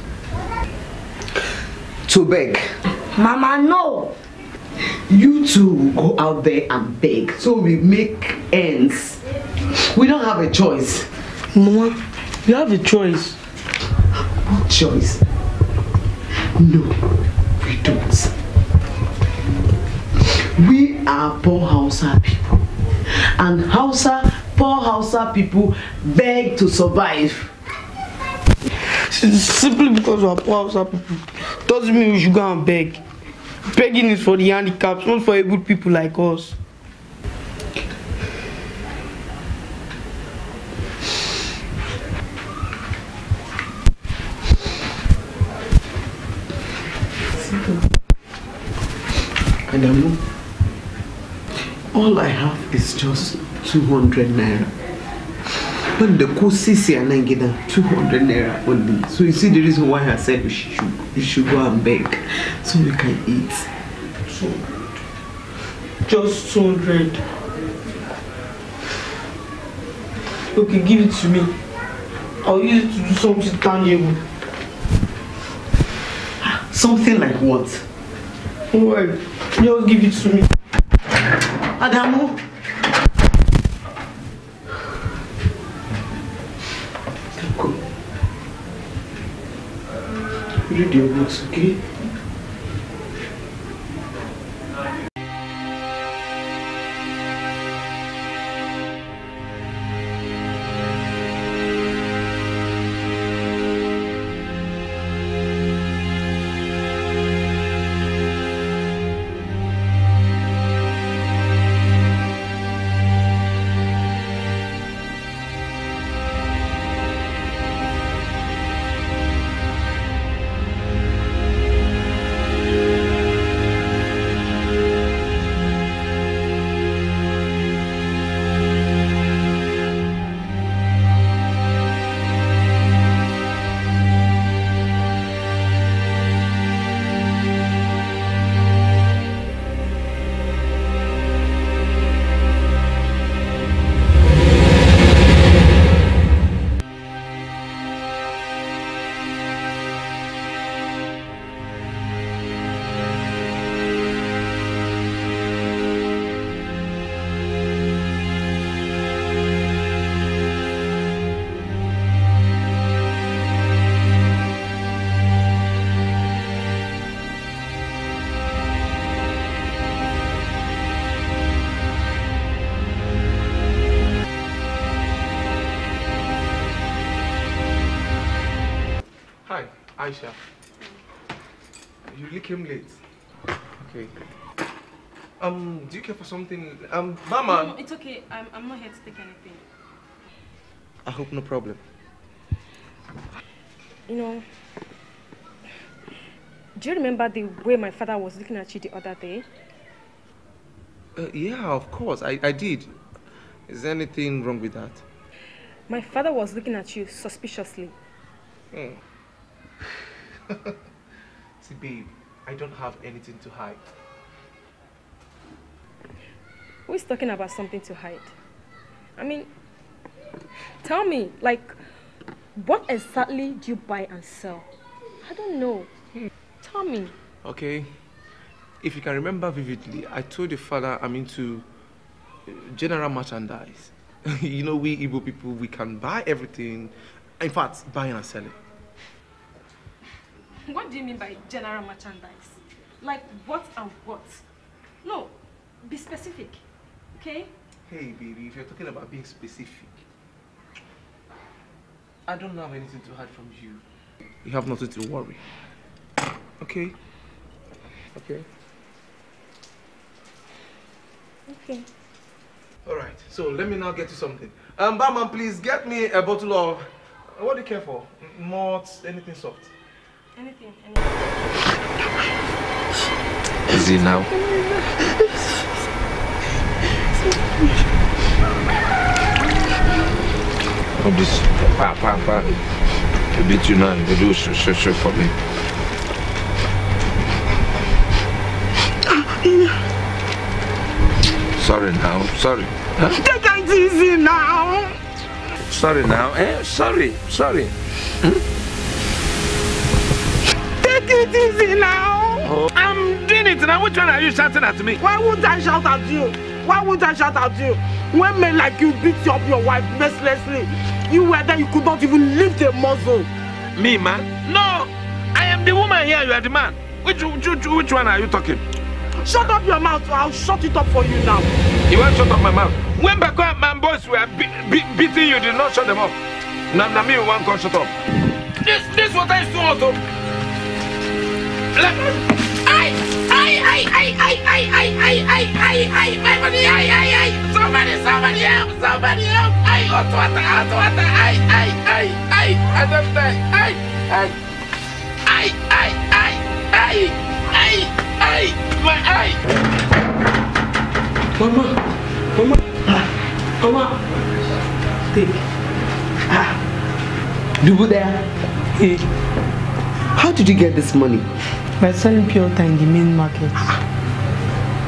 To beg. Mama, no! You two go out there and beg so we make ends. We don't have a choice. Mama, you have a choice. What choice? No, we don't. We are poor Hausa people. And Hausa, poor Hausa people beg to survive. Simply because you are poor people doesn't mean we should go and beg. Begging is for the handicaps, not for able people like us. Adamu, all I have is just 200 naira. But the cost is here and getting 200 naira only. So you see the reason why I said we should, we should go and beg so we can eat. So, just 200. Okay, give it to me. I'll use it to do something tangible. Something like what? Alright, just give it to me. Adamu! पूरी डेमोक्स की Hi, Aisha. You really came late. Okay. Um, do you care for something? Um, Mama. No, it's okay. I'm, I'm not here to take anything. I hope no problem. You know, do you remember the way my father was looking at you the other day? Uh, yeah, of course. I, I did. Is there anything wrong with that? My father was looking at you suspiciously. Hmm. See, babe, I don't have anything to hide. Who is talking about something to hide? I mean, tell me, like, what exactly do you buy and sell? I don't know. Hmm. Tell me. Okay. If you can remember vividly, I told your father I'm into uh, general merchandise. you know, we Igbo people, we can buy everything. In fact, buy and sell it. What do you mean by general merchandise? Like what and what? No, be specific, okay? Hey, baby, if you're talking about being specific, I don't have anything to hide from you. You have nothing to worry. Okay? Okay? Okay. All right, so let me now get you something. Um, barman, please get me a bottle of, what do you care for? Malt, anything soft. Anything, anything. Is it now? Oh, this pa pa pa. You beat you now. You do so so so for me. Sorry now. Sorry. Huh? Take it easy now. Sorry now. Eh? Sorry. Sorry. Hmm? Take it easy now. Oh. I'm doing it now. Which one are you shouting at me? Why would I shout at you? Why would I shout at you? When men like you beat up your wife mercilessly, you were there, you could not even lift a muscle. Me, man? No! I am the woman here, you are the man. Which, which, which one are you talking? Shut up your mouth, or I'll shut it up for you now. You won't shut up my mouth. When back up my boys were be be beating you, did not shut them up. Now, now me, you won't shut up. This, this water is too hot. Oh. Somebody, somebody help, somebody help. I got water, I got water. I, I, I, I, I don't die. I, I, I, I, I, I, I, my eye. Mama, mama, mama. Take. Ah. Dubu there. Hey. How did you get this money? By selling pure water in the main market. Ah,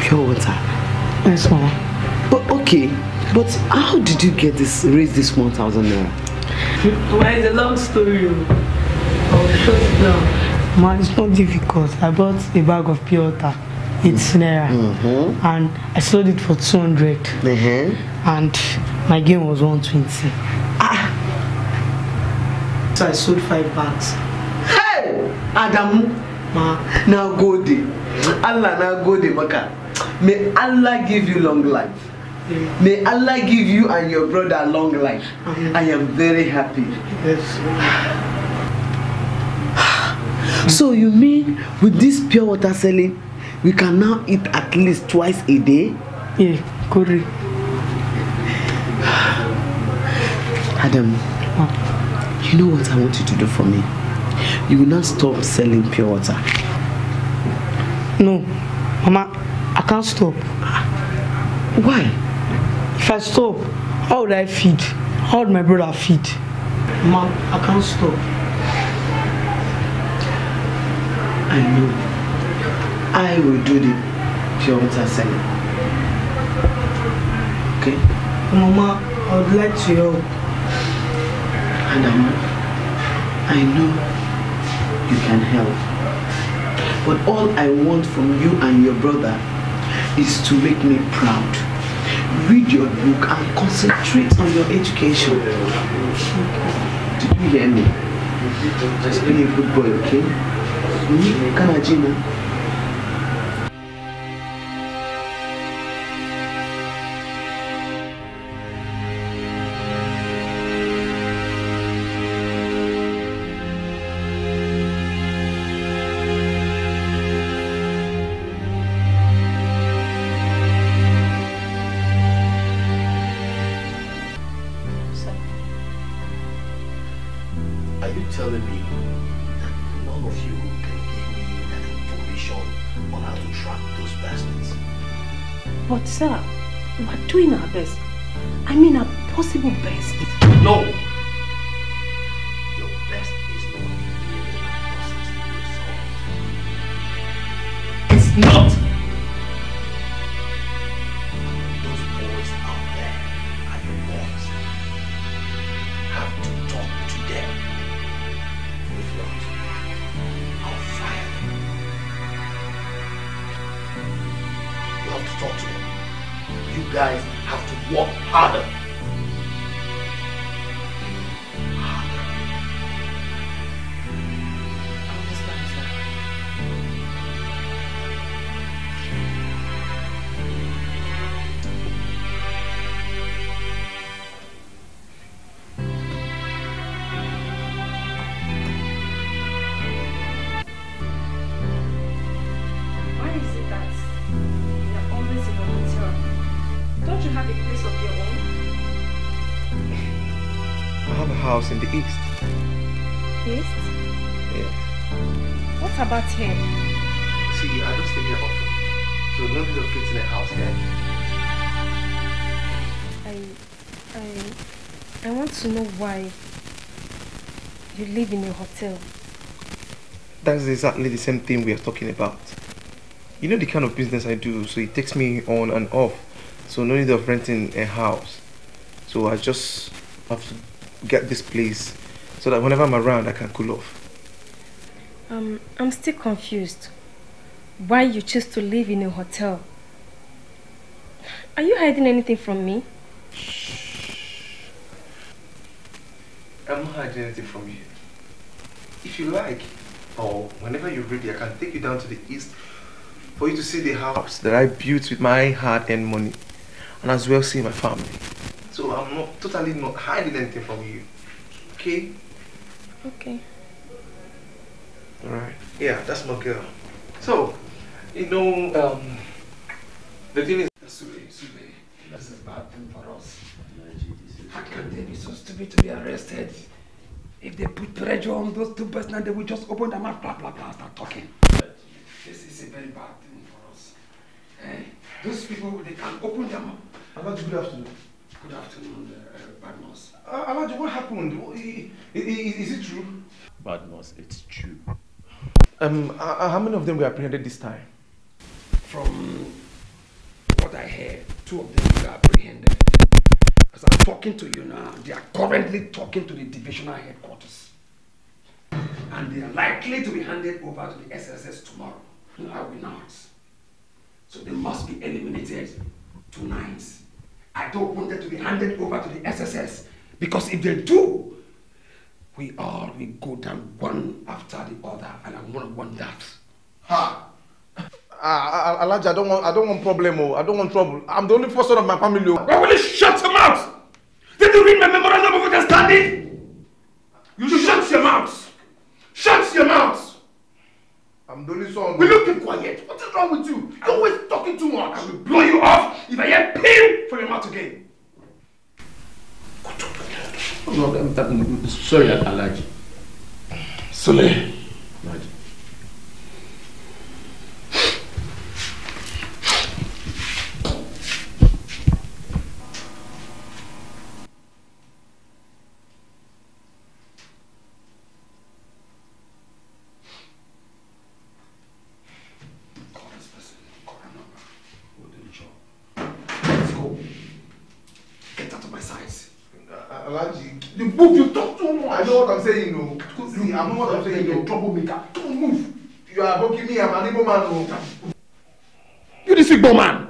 pure water? Yes, Mama. But okay, but how did you get this, raise this 1,000 naira? Well, it's a long story. Oh. I'll show it now. Man, it's not difficult. I bought a bag of pure water. It's naira. Mm -hmm. And I sold it for 200. Mm -hmm. And my gain was 120. Ah! So I sold five bags. Hey! Adamu! ma na gode allah na gode maka may allah give you long life May Allah give you and your brother long life. I am very happy. Yes. so you mean with this pure water selling, we can now eat at least twice a day? Yeah, correct. Adam, you know what I want you to do for me? you will not stop selling pure water. No, Mama, I can't stop. Why? If I stop, how would I feed? How would my brother feed? Mom, I can't stop. I know. I will do the pure water selling. Okay? Mama, I would like to help. And I'm, I know you can help. But all I want from you and your brother is to make me proud. Read your book and concentrate on your education. Did you hear me? Just be a good boy, okay? Mm -hmm. still. That's exactly the same thing we are talking about. You know the kind of business I do, so it takes me on and off. So no need of renting a house. So I just have to get this place so that whenever I'm around, I can cool off. Um, I'm still confused. Why you choose to live in a hotel? Are you hiding anything from me? Shh. I'm not hiding anything from you if you like, or whenever you are ready, I can take you down to the east for you to see the house that I built with my hard earned money and as well see my family. So I'm not totally not hiding anything from you. Okay? Okay. Alright. Yeah, that's my girl. So, you know, um, the thing is. that's a bad thing for us. How can they be so stupid to be arrested? If they put pressure on those two persons, they will just open their mouth, blah, blah, blah, and start talking. This is a very bad thing for us. Eh? Those people, they can open their mouth. good afternoon. Good afternoon, uh, news. Uh, what happened? Is, is it true? Bad news. it's true. Um, uh, uh, how many of them were apprehended this time? From what I heard, two of them were apprehended. As I'm talking to you now, they are currently talking to the divisional headquarters. And they are likely to be handed over to the SSS tomorrow. No, I will not. So they must be eliminated tonight. I don't want them to be handed over to the SSS because if they do, we all will go down one after the other and I going to want that. Ha! Ah, I, Elijah, ah, I don't want, I don't want problem, oh. I don't want trouble. I'm the only person of my family. Oh. Why will you shut your mouth? Did you read my memorandum of understanding? You shut, shut your mouth. Shut your mouth. I'm the only son. Will you oh. keep quiet? What is wrong with you? You're always talking too much. I will blow you off if I hear pain from your mouth again. No, I'm, sorry, Alaji. Sule. Alaji. I know saying. You're a troublemaker. Don't move. You are booking me a an Igbo man. Oh. You this man.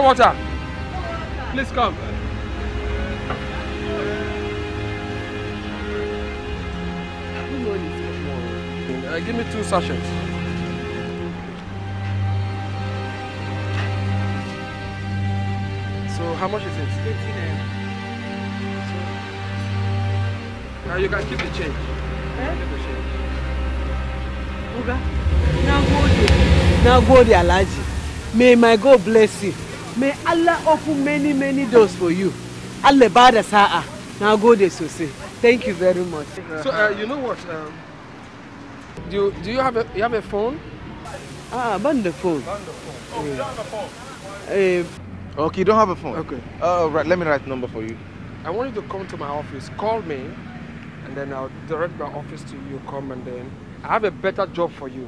get water. Please come. Uh, give me two sachets. So how much is it? 15 Now you can keep the change. Eh? Keep the change. now go there. Now go there, Alaji. May my God bless you. May Allah open many, many doors for you. Allah bada sa'a. Na gode sosai. Thank you very much. So, uh, you know what? Um, do, you, do you, have a, you have a phone? Ah, ban the phone. Ban the phone. Oh, eh. yeah. you don't have a phone? Eh. okay, you don't have a phone. Okay. Uh, right, let me write number for you. I want you to come to my office. Call me, and then I'll direct my office to you. Come and then I have a better job for you.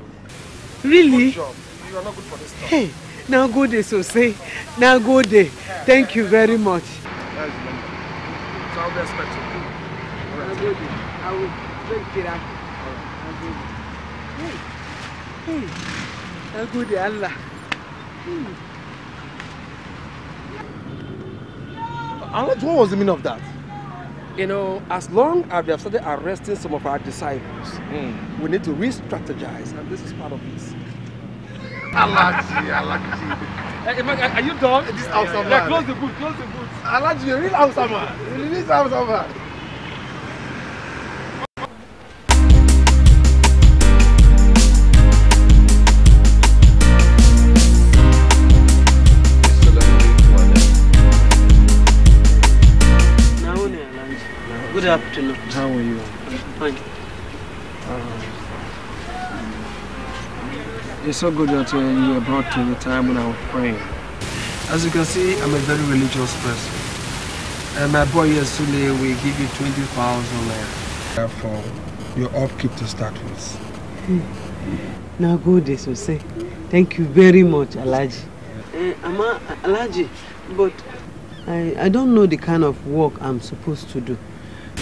Really? Good job. You are not good for this job. Hey. Now na gode sosai na gode thank you very much na good, allah hmm. And what, what was the meaning of that? You know, as long as we have started arresting some of our disciples, mm. we need to re-strategize, and this is part of this. Alaji, Alaji. Hey, Are you done? This Hausa yeah, man. Yeah, close the boot, close the boot. Alaji, you're real Hausa man. You're real Hausa man. Good afternoon. How are you? i fine. It's so good that uh, you were brought to the time when I was praying. As you can see, I'm a very religious person. And my boy Yesule will give you 20,000 naira Therefore, your upkeep to start with. Hmm. Now good, say. Thank you very much, Alaji. Uh, eh, Ama, Alaji, but I, I don't know the kind of work I'm supposed to do.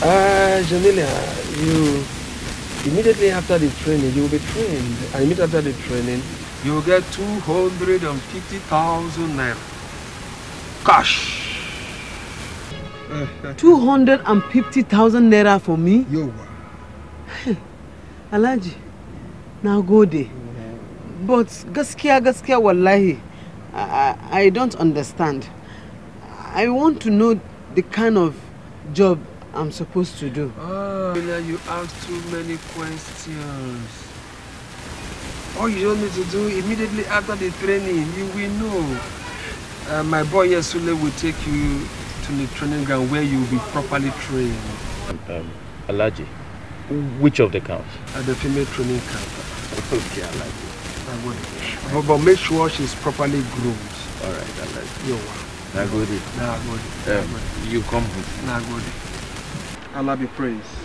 Ah, uh, Janila, you Immediately after the training, you will be trained. And immediately after the training, you will get 250,000 naira cash. 250,000 naira for me? Yo. Alaji, now go there. But gaskia gaskia wallahi, I, I don't understand. I want to know the kind of job I'm supposed to do. Oh, you ask too many questions. All you don't need to do immediately after the training, you will know. Uh, my boy Yesule will take you to the training ground where you will be properly trained. Um, Alaji, which of the camps? At the female training camp. okay, Alaji. I would. But, but make sure she's properly groomed. All right, Alaji. You're welcome. Nagode. Nagode. Um, you come home. Nagode. Allah be praised.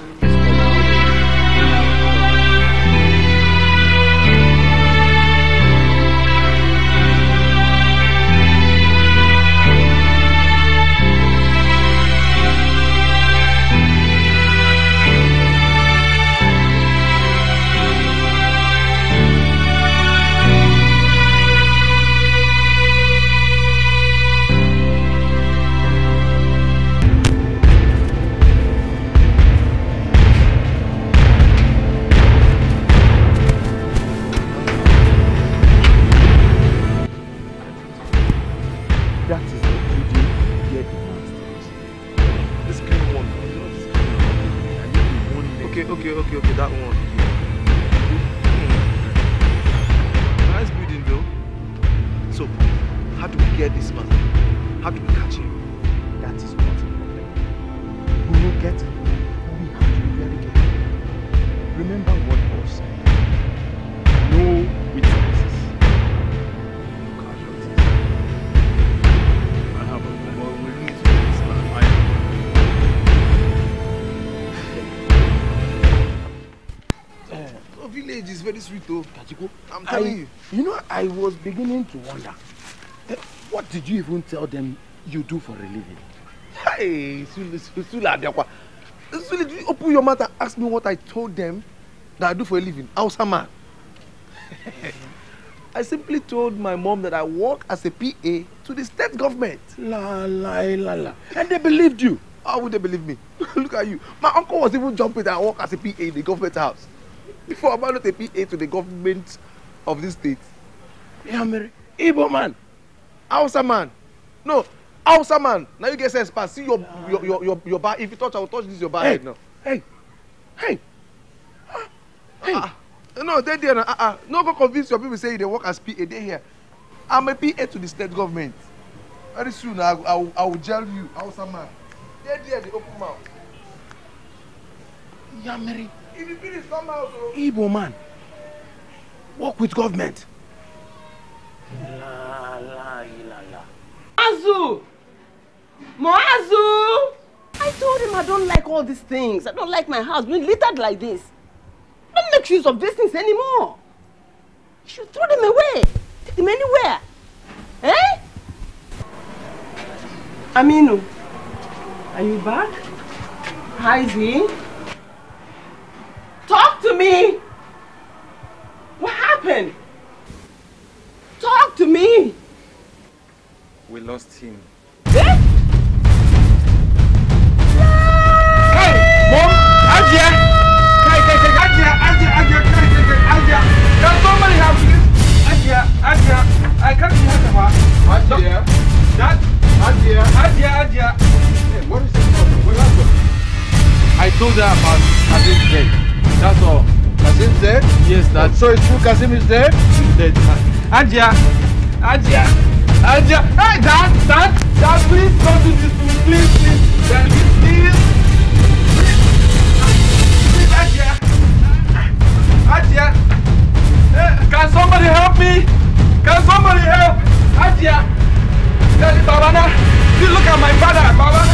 very sweet though, Kachiko. I'm telling I, you. You know, I was beginning to wonder, eh, what did you even tell them you do for a living? Hey, Sula, Sula, Adiakwa. Sula, you open your mouth and ask me what I told them that I do for a living? a man. I simply told my mom that I work as a PA to the state government. La, la, la, la. And they believed you. How would they believe me? Look at you. My uncle was even jumping that I work as a PA in the government house. Before I'm not a PA to the government of this state. Yeah, I'm Igbo man, Hausa man. No, Hausa man. Now you get sense pass. See your your your your, your bar. If you touch, I will touch this your bar hey, head now. Hey, hey, hey. Uh, ah, ah, ah. no, they there. Uh, uh, no go convince your people say they work as PA. They here. I'm a PA to the state government. Very soon I I, I, will jail you, Hausa man. They there, the open mouth. Yamiri. Yeah, If you finish, come out. Oh. Igbo man, work with government. La, la, la, la. Azu! Moazu! I told him I don't like all these things. I don't like my house being littered like this. Don't make use of these things anymore. You should throw them away. Take them anywhere. Eh? Aminu, are you back? Hi, Z. Talk to me! What happened? Talk to me! We lost him. Hey, eh? mom, Adia! Hey, hey, hey, Adia, Adia, Can somebody help me? Adia, Adia, I can't hear helped about. Adia, Dad, Adia, Adia, Adia. Hey, what is the problem? What happened? I told her about Adia's death. That's all. Kazim's dead? Yes, that's So it's true Kasim is dead? He's dead. Adia! Adia! Adia! Hey, Dad! Dad! Dad, please don't do this to me. Please, please. Dad, please. Please, Adia! Adia! Hey, can somebody help me? Can somebody help? Adia! Daddy, Babana! Please look at my father, Babana!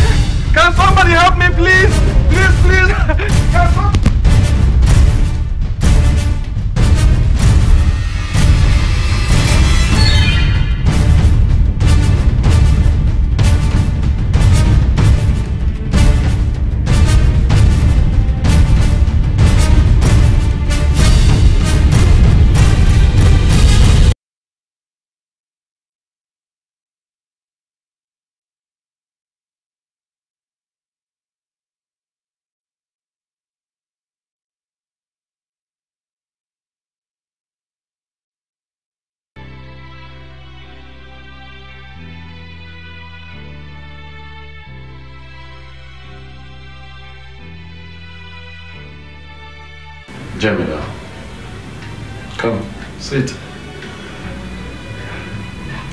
Can somebody help me, please? Please, please! Can somebody... Gemini. Come, sit.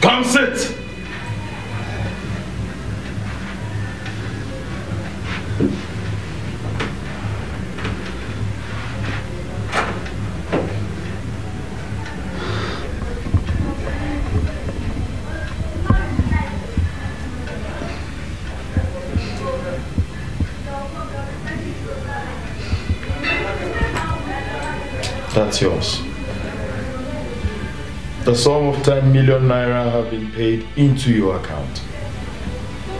Come sit! that's yours. The sum of 10 million naira have been paid into your account.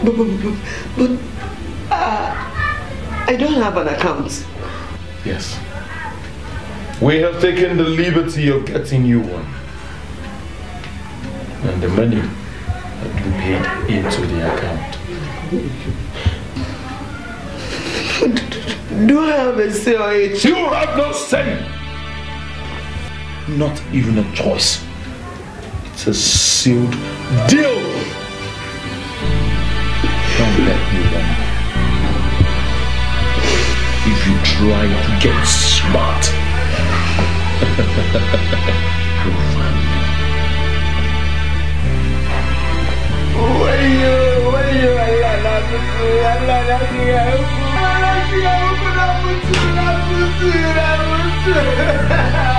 But, but, but uh, I don't have an account. Yes. We have taken the liberty of getting you one. And the money had been paid into the account. Do I have a say You have no sense not even a choice. It's a sealed deal. Don't let me down. If you try to get smart, you'll find me. I'm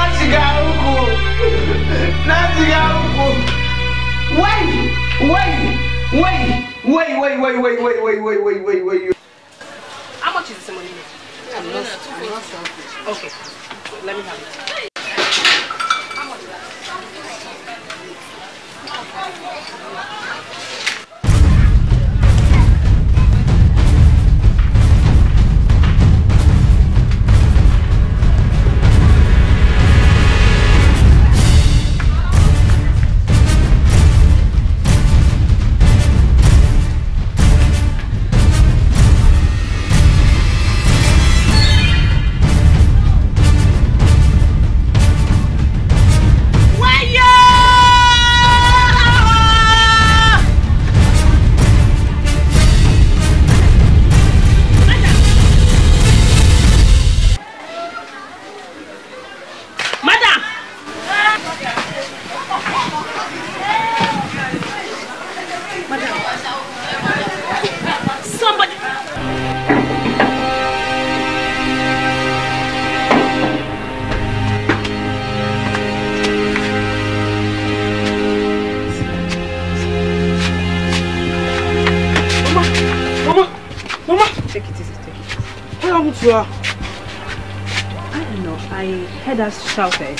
láti Wait! Wait! Wait! Wait! Wait! Wait! Wait! Wait! Wait! Wait! Wait! Wait! wẹ́yì How much is the money? I'm not, I'm not selfish. Okay, let me have it. shouted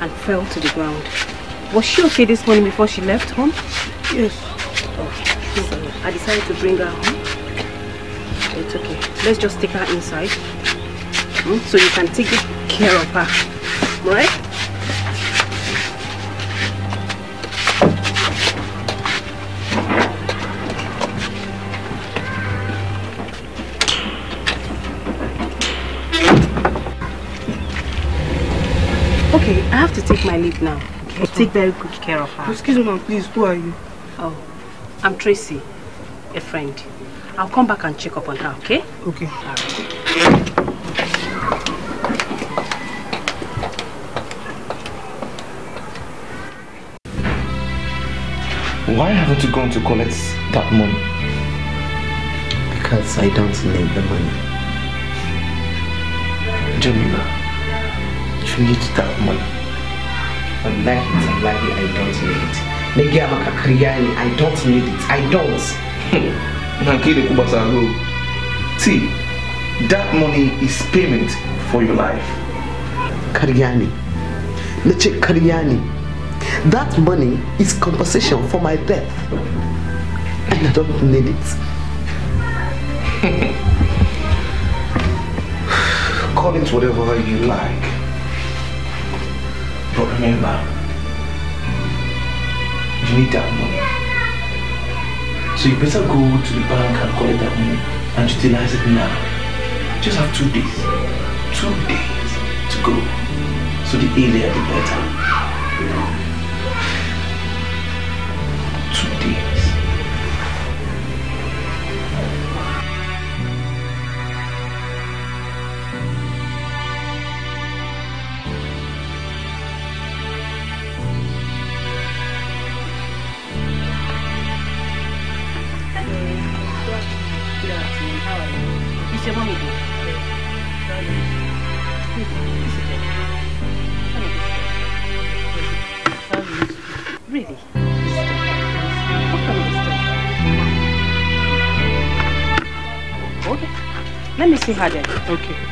and fell to the ground. Was she okay this morning before she left home? Yes. Okay. So I decided to bring her home. It's okay. Let's just take her inside. Hmm? So you can take care of her. right? take my leave now. Okay, take very good care of her. Oh, excuse me, ma'am, please. Who are you? Oh, I'm Tracy, a friend. I'll come back and check up on her, okay? Okay. Why haven't you gone to collect that money? Because I don't need the money. Jamila, you need that money. Wallahi, wallahi, I don't need it. I'm a ne, I don't need it. I don't. Na ke See, that money is payment for your life. Kariya that's it. ce That money is compensation for my death. And I don't need it. Call it whatever you like remember, you need that money. So you better go to the bank and collect that money and utilize it now. Just have two days. Two days to go. So the earlier the better. Singh जाए जाएंगे okay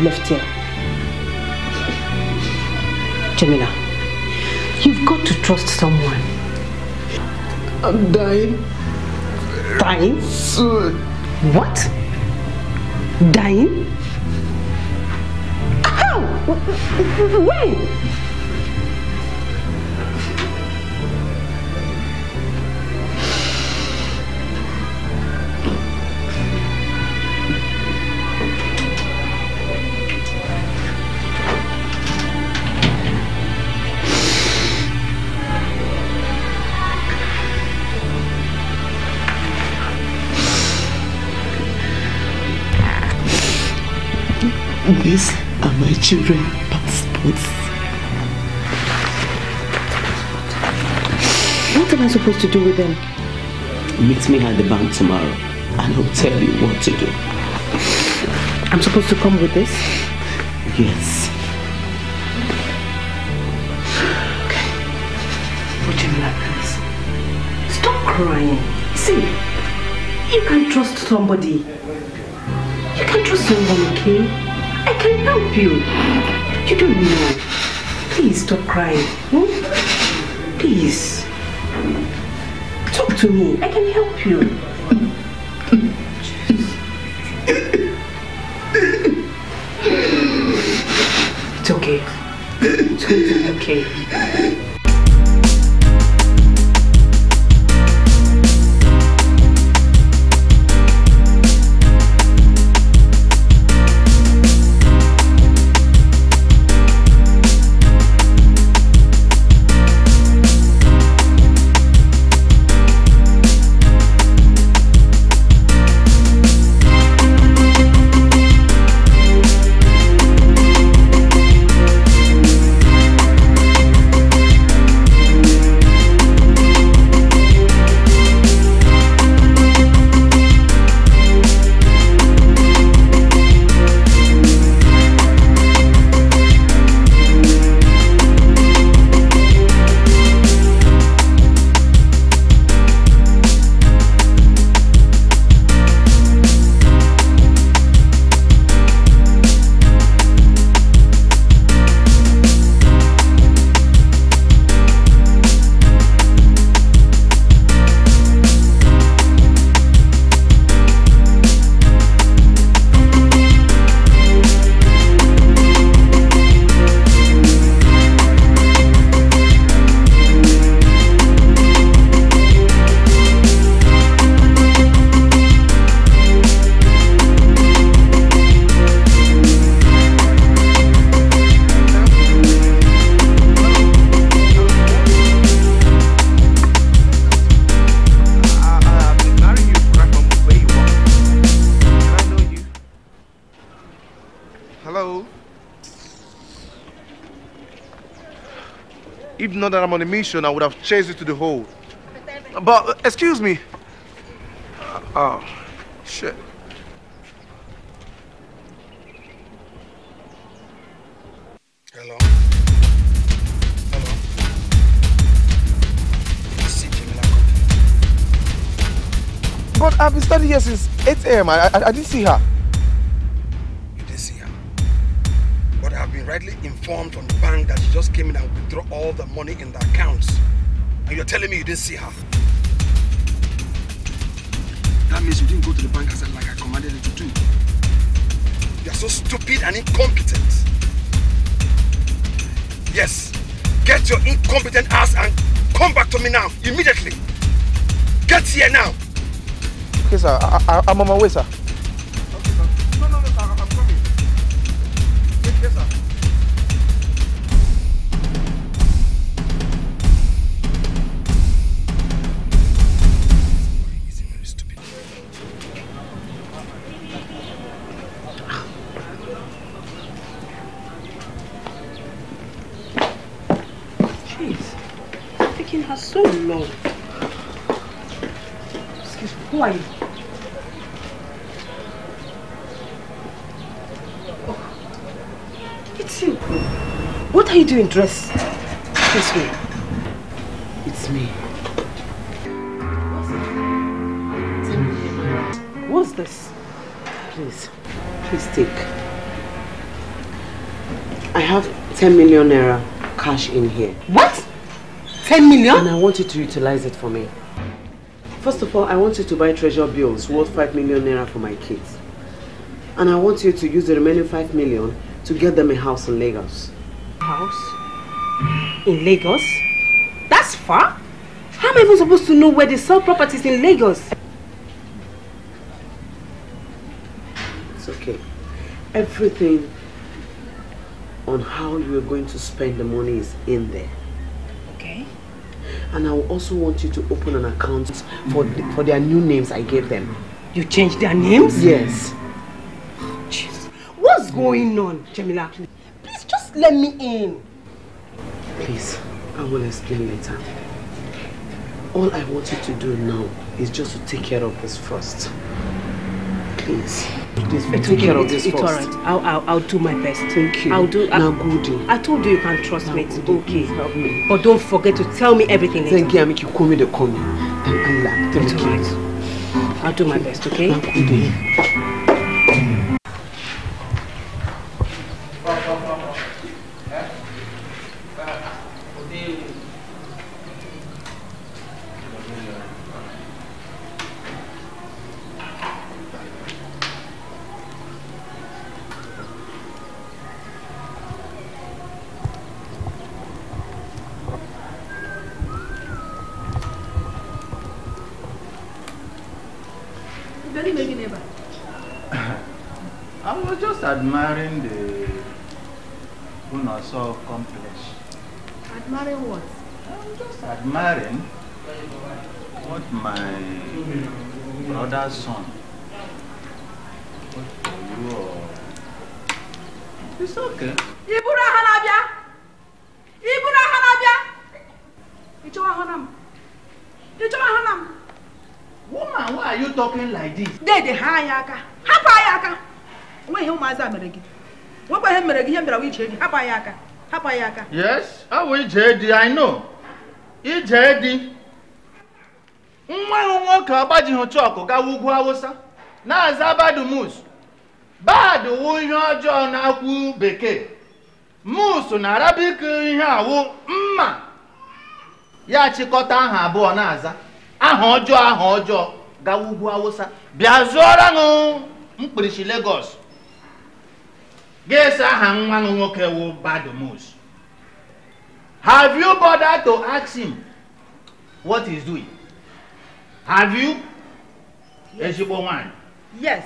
left here. Jamila, you've got to trust someone. I'm dying. Dying? Soon. What? Dying? How? When? These are my children's passports. What am I supposed to do with them? Meet me at the bank tomorrow and I'll tell you what to do. I'm supposed to come with this? Yes. Okay. Put him like this. Stop crying. See, you can trust somebody. You can trust someone, okay? I can help you. You don't know. Please stop crying. Hmm? Please. Talk to me. I can help you. it's okay. It's okay. that I'm on a mission, I would have chased it to the hole. But, excuse me. Uh, oh, shit. Hello? Hello? But I've been standing here since 8 a.m. I, I, I didn't see her. didn't see her. That means you didn't go to the bank as like I commanded you to do. You are so stupid and incompetent. Yes, get your incompetent ass and come back to me now, immediately. Get here now. Okay, sir. I, I, I'm on my way, sir. so long. Excuse me, who are you? Oh, it's you. What are you doing dressed this way? It's me. What's this? Please, please take. I have 10 million naira cash in here. What? 10 million? And I want you to utilize it for me. First of all, I want you to buy treasure bills worth 5 million naira for my kids. And I want you to use the remaining 5 million to get them a house in Lagos. House? In Lagos? That's far? How am I even supposed to know where they sell properties in Lagos? It's okay. Everything on how you are going to spend the money is in there. And I will also want you to open an account for, the, for their new names I gave them. You changed their names? Yes. Jeez. What's going on, Jamila? Please just let me in. Please, I will explain later. All I want you to do now is just to take care of this first. Please. Please, we take okay, care of this it's first. It's all right. I'll, I'll, I'll do my best. Thank you. I'll do. I'll, now, good. I told you you can trust now, me. It's okay. Help me. But don't forget to tell me everything. Thank you. I make you call me the call me. Thank you. Thank it's all right. I'll do my best. Okay. Now, good. hapa ya aka hapa ya aka yes awụ ije di i know ije di nwa ya nwoke agbajighị chọkụ ga ugwu awụsa na-aza badu mus badu wụ ihe ọjọọ na-akwụ bekee mus na arabik ihe awụ mma ya chịkọta aha abụọ na-aza aha ọjọọ aha ọjọọ ga ugwu awụsa bịa zụọra ṅụ mkpirisi ga-ese aha nwa m nwoke wụ Badmus have you bothered to ask him what he's doing have you ezigbo nwanyị yes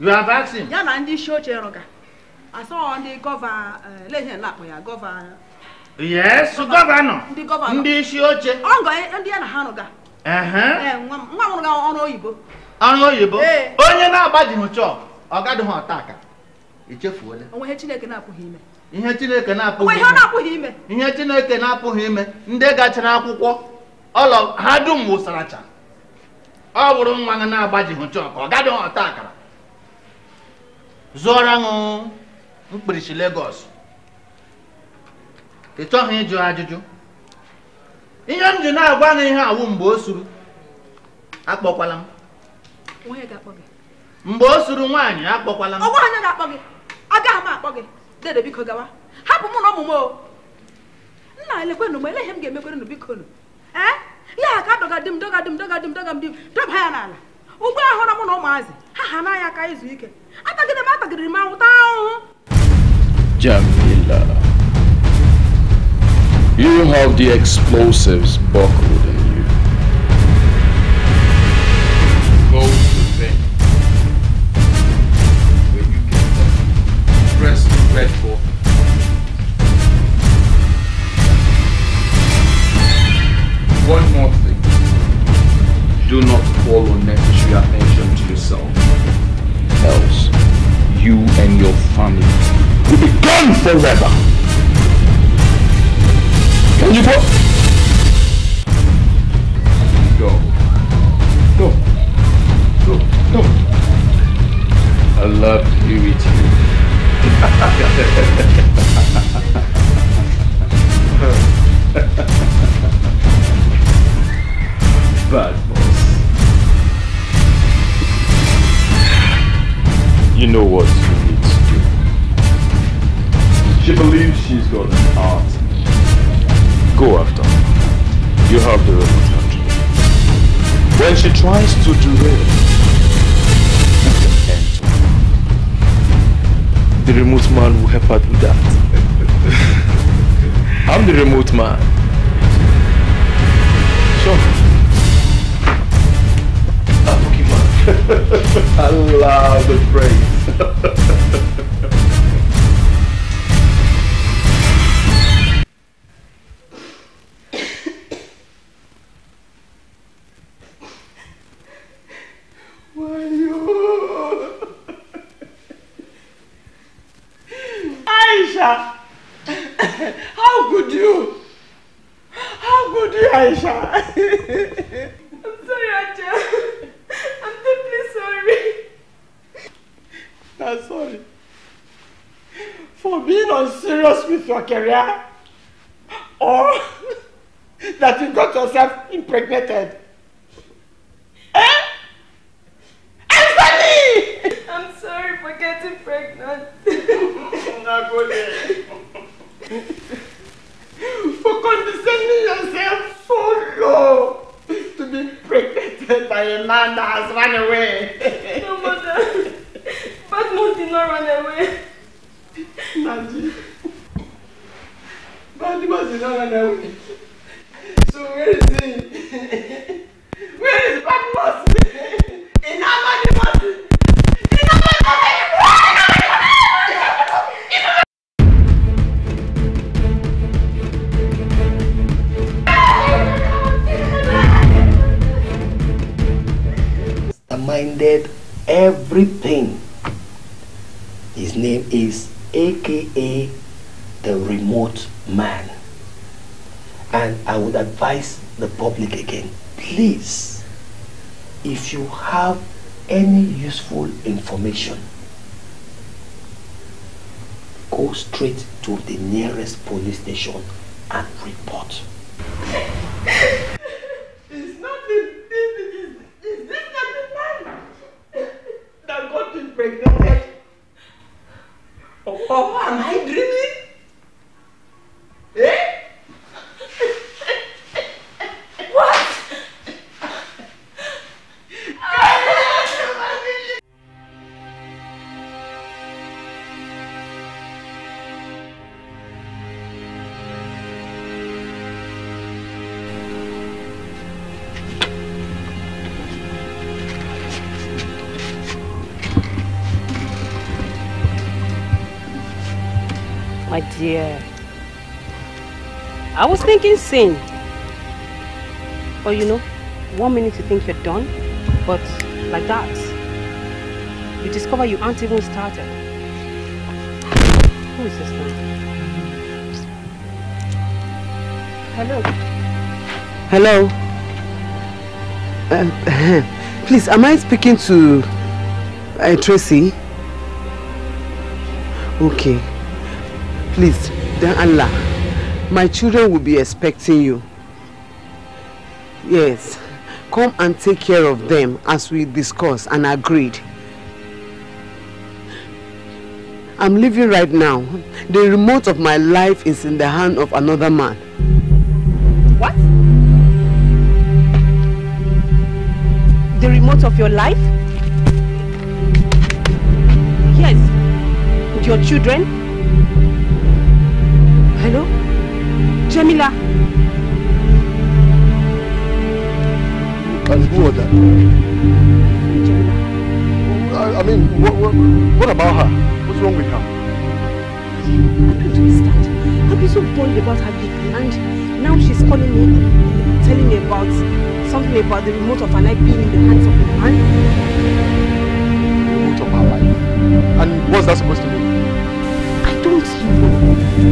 you have asked him ya na ndị isi oche roga asọ ndị gọva eh, yes gọvanọ ndị isi oche ọgọ e, ndị ya na ha rụga eh, nwa ọrụ oyibo eh. onye na-agbajighị chọọ ọ gaghịghị ọta aka echefuola ihe chineke na-apụghị ime ihe chineke na-apụghị ime ndị gachara akwụkwọ ọlọ ha dum wụsaracha ọ bụrụ nwa a na-agbajighị chọọkụ ọ gaghị ọta akara zụọra ṅụ mkpirisi Lagos ị ịjụ ajụjụ ihe m ji na-agwa gị ihe awụ mgbe o suru akpọkwala m mgbe o suru nwaanyị akpọkwala m agaghị m akpọ gị dede biko gawa hapụ mụ na ọmụmụ o nna elekwenụ m eleghị m ga-emekwerenụ biko nụ ee eh? ya ka dọgadị m dọgadị m dọgadị m m dọba ya n'ala ugbu hụrụ mụ na ụmụazị ha ha ya aka izu ike atagide m atagidere m anwụta ahụhụ Jamila, you have the explosives, your family to be gone forever. Can you go? Go. Go. Go. Go. I love you, eat you. Bad you know what she believes she's got an art. Go after her. You have the remote country. When she tries to derail, put an end to The remote man will help her do that. I'm the remote man. Sure. I love the phrase. Aisha, how could you? How could you, Aisha? I'm sorry, Aja. I'm deeply sorry. I'm sorry. For being unserious with your career or that you got yourself impregnated. Eh? I'm sorry for getting pregnant. for condescending yourself so low to be pregnant by a man that has run away. no, mother. Batman did not run away. Naji. Batman did not run away. So where is he? Where is Batman? In Amadimus! minded everything. His name is aka the remote man. And I would advise the public again, please, if you have any useful information, go straight to the nearest police station and report. It's not this, is, is this not the man that got you pregnant? Or, oh, or am I dreaming? Eh? dear. I was thinking sin. But you know, one minute you think you're done, but like that, you discover you aren't even started. Who is this now? Hello? Hello? Uh, please, am I speaking to uh, Tracy? Okay. Please, then Allah, my children will be expecting you. Yes, come and take care of them as we discussed and agreed. I'm leaving right now. The remote of my life is in the hand of another man. What? The remote of your life? Yes. With your children? Hello Jamila And who was that? Jamila I, I mean, what, what, what about her? What's wrong with her? I don't understand. I've been so worried about her baby and now she's calling me, telling me about something about the remote of her life being in the hands of a man. The Remote of her life? And what's that supposed to mean? I don't know. She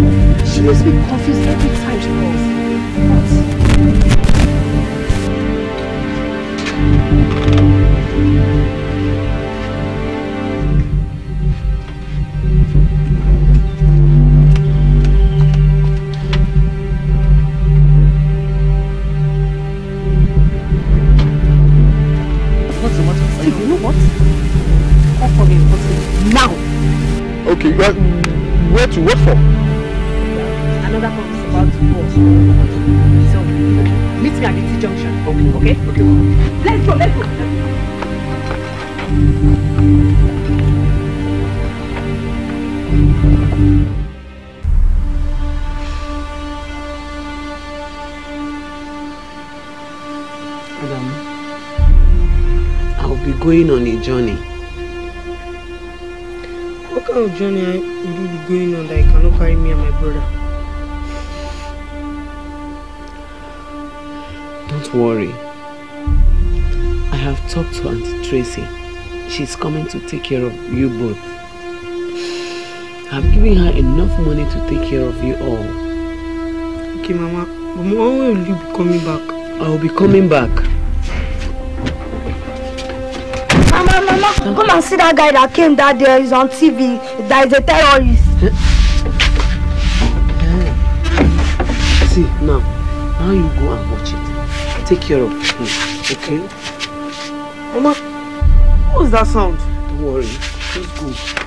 makes me confused every time she calls. What's the matter? what? now! Okay, where to? What for? So, meet me at the T junction. Okay. Okay. Okay. Let's go. Let's go. Adam, I'll be going on a journey. What kind of journey are you be going on that you cannot carry me and my brother? worry. I have talked to Aunt Tracy. She's coming to take care of you both. I've given her enough money to take care of you all. Okay, Mama. Mama, when will you be coming back? I'll be coming back. Mama, Mama, huh? come and see that guy that came that day. He's on TV. That is a terrorist. Huh? see, now, now you go and watch it take care of him, okay? Mama, what's that sound? Don't worry, just go.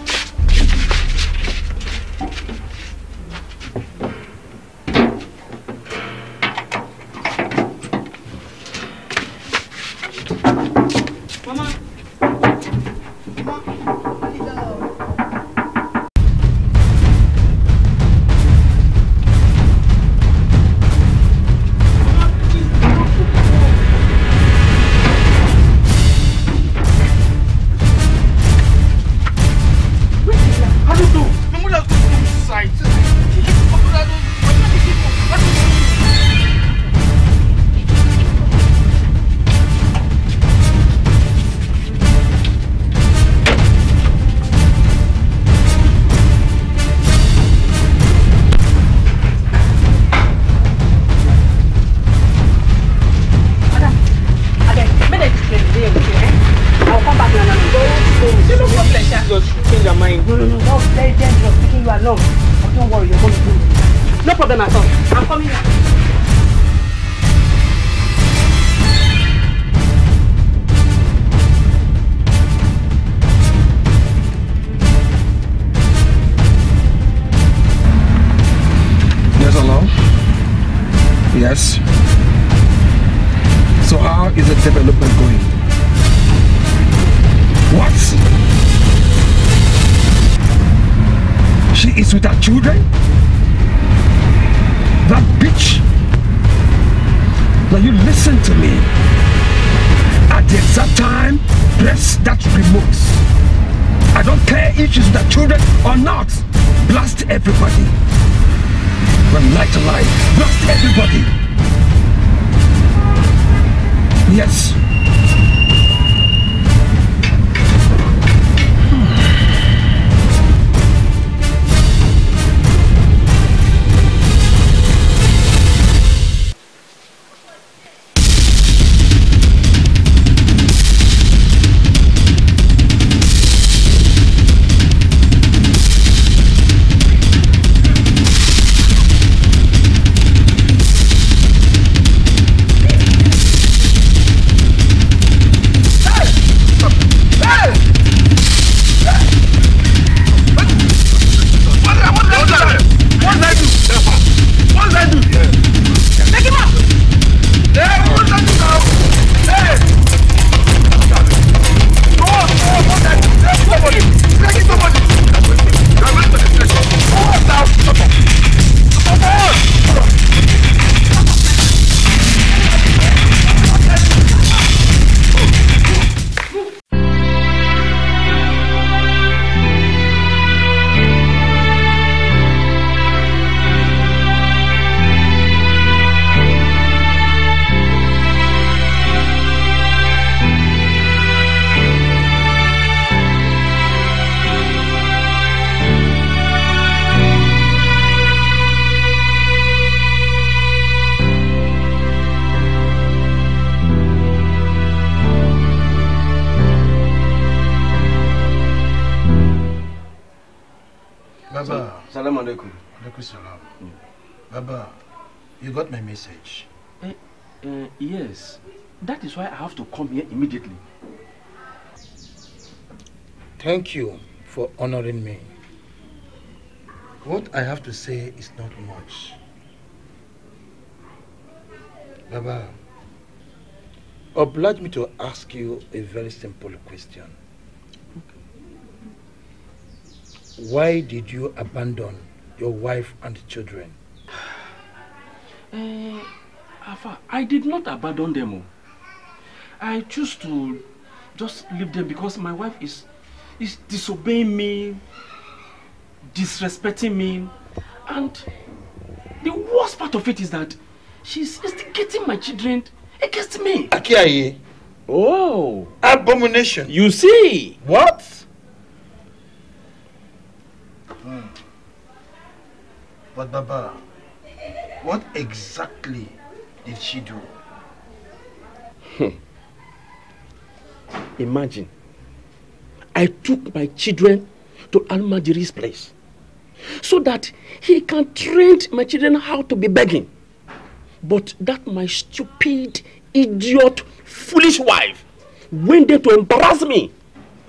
You got my message? Uh, uh, yes. That is why I have to come here immediately. Thank you for honoring me. What I have to say is not much. Baba, oblige me to ask you a very simple question. Okay. Why did you abandon your wife and children? Eh, Afa, I did not abandon them. All. Oh. I choose to just leave them because my wife is, is disobeying me, disrespecting me, and the worst part of it is that she's instigating my children against me. Akiaye. Oh. Abomination. You see. What? Hmm. But Baba, What exactly did she do? Hmm. Imagine, I took my children to Almajiri's place so that he can train my children how to be begging. But that my stupid, idiot, foolish wife went there to embarrass me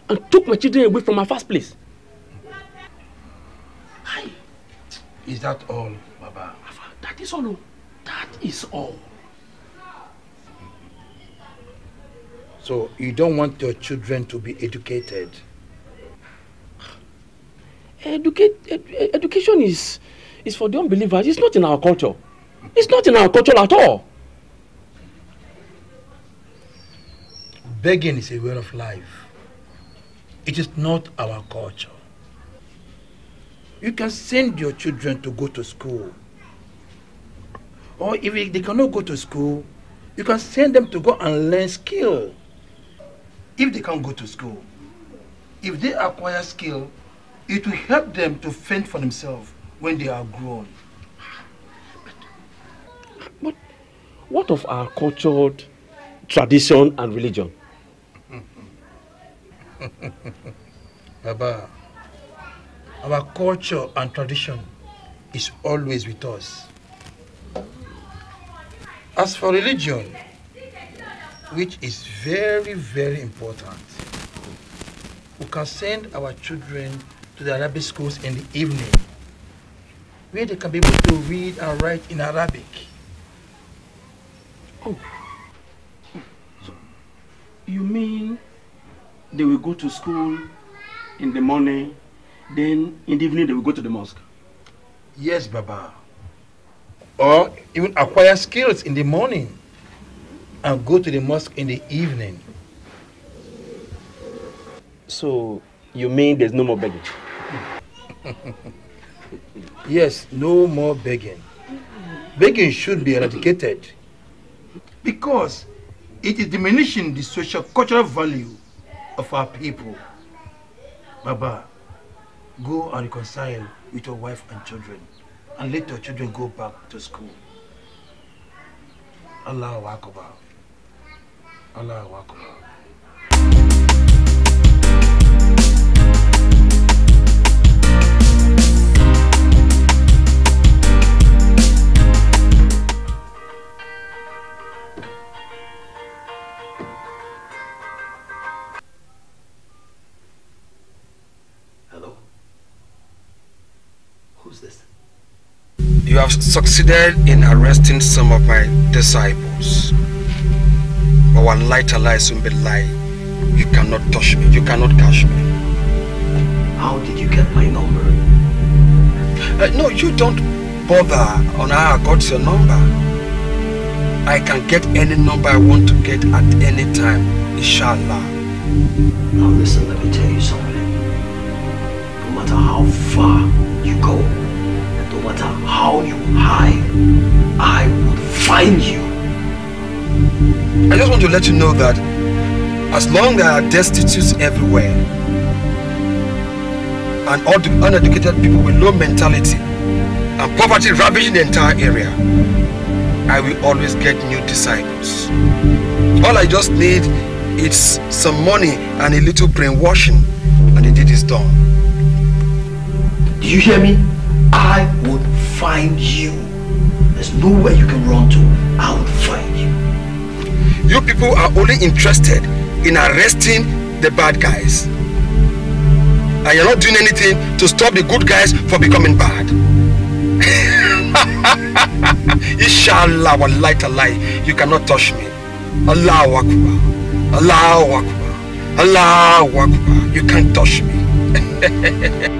and took my children away from my first place. Hi. Is that all? That is all. That is all. So you don't want your children to be educated? Educate, ed, education is, is for the unbelievers. It's not in our culture. It's not in our culture at all. Begging is a way of life. It is not our culture. You can send your children to go to school or if they cannot go to school, you can send them to go and learn skill. If they can't go to school, if they acquire skill, it will help them to fend for themselves when they are grown. But, what of our culture, tradition, and religion? Baba, our culture and tradition is always with us. As for religion, which is very, very important, we can send our children to the Arabic schools in the evening, where they can be able to read and write in Arabic. Oh. you mean they will go to school in the morning, then in the evening they will go to the mosque? Yes, Baba or even acquire skills in the morning and go to the mosque in the evening. So, you mean there's no more begging? yes, no more begging. Begging should be eradicated because it is diminishing the social cultural value of our people. Baba, go and reconcile with your wife and children and let your children go back to school. Allah Akbar. Allah Akbar. have succeeded in arresting some of my disciples. But one light Allah is be lie. You cannot touch me. You cannot catch me. How did you get my number? Uh, no, you don't bother on how I got your number. I can get any number I want to get at any time, inshallah. Now listen, let me tell you something. No matter how far you go, matter how you hide, I will find you. I just want to let you know that as long as there are destitutes everywhere and all the uneducated people with low mentality and poverty ravaging the entire area, I will always get new disciples. All I just need is some money and a little brainwashing and the deed is done. Do you hear me? I will find you. There's nowhere you can run to. I will find you. You people are only interested in arresting the bad guys. And you're not doing anything to stop the good guys from becoming bad. Inshallah, a light. you cannot touch me. Allah Akbar. Allah Akbar. Allah Akbar. You can't touch me.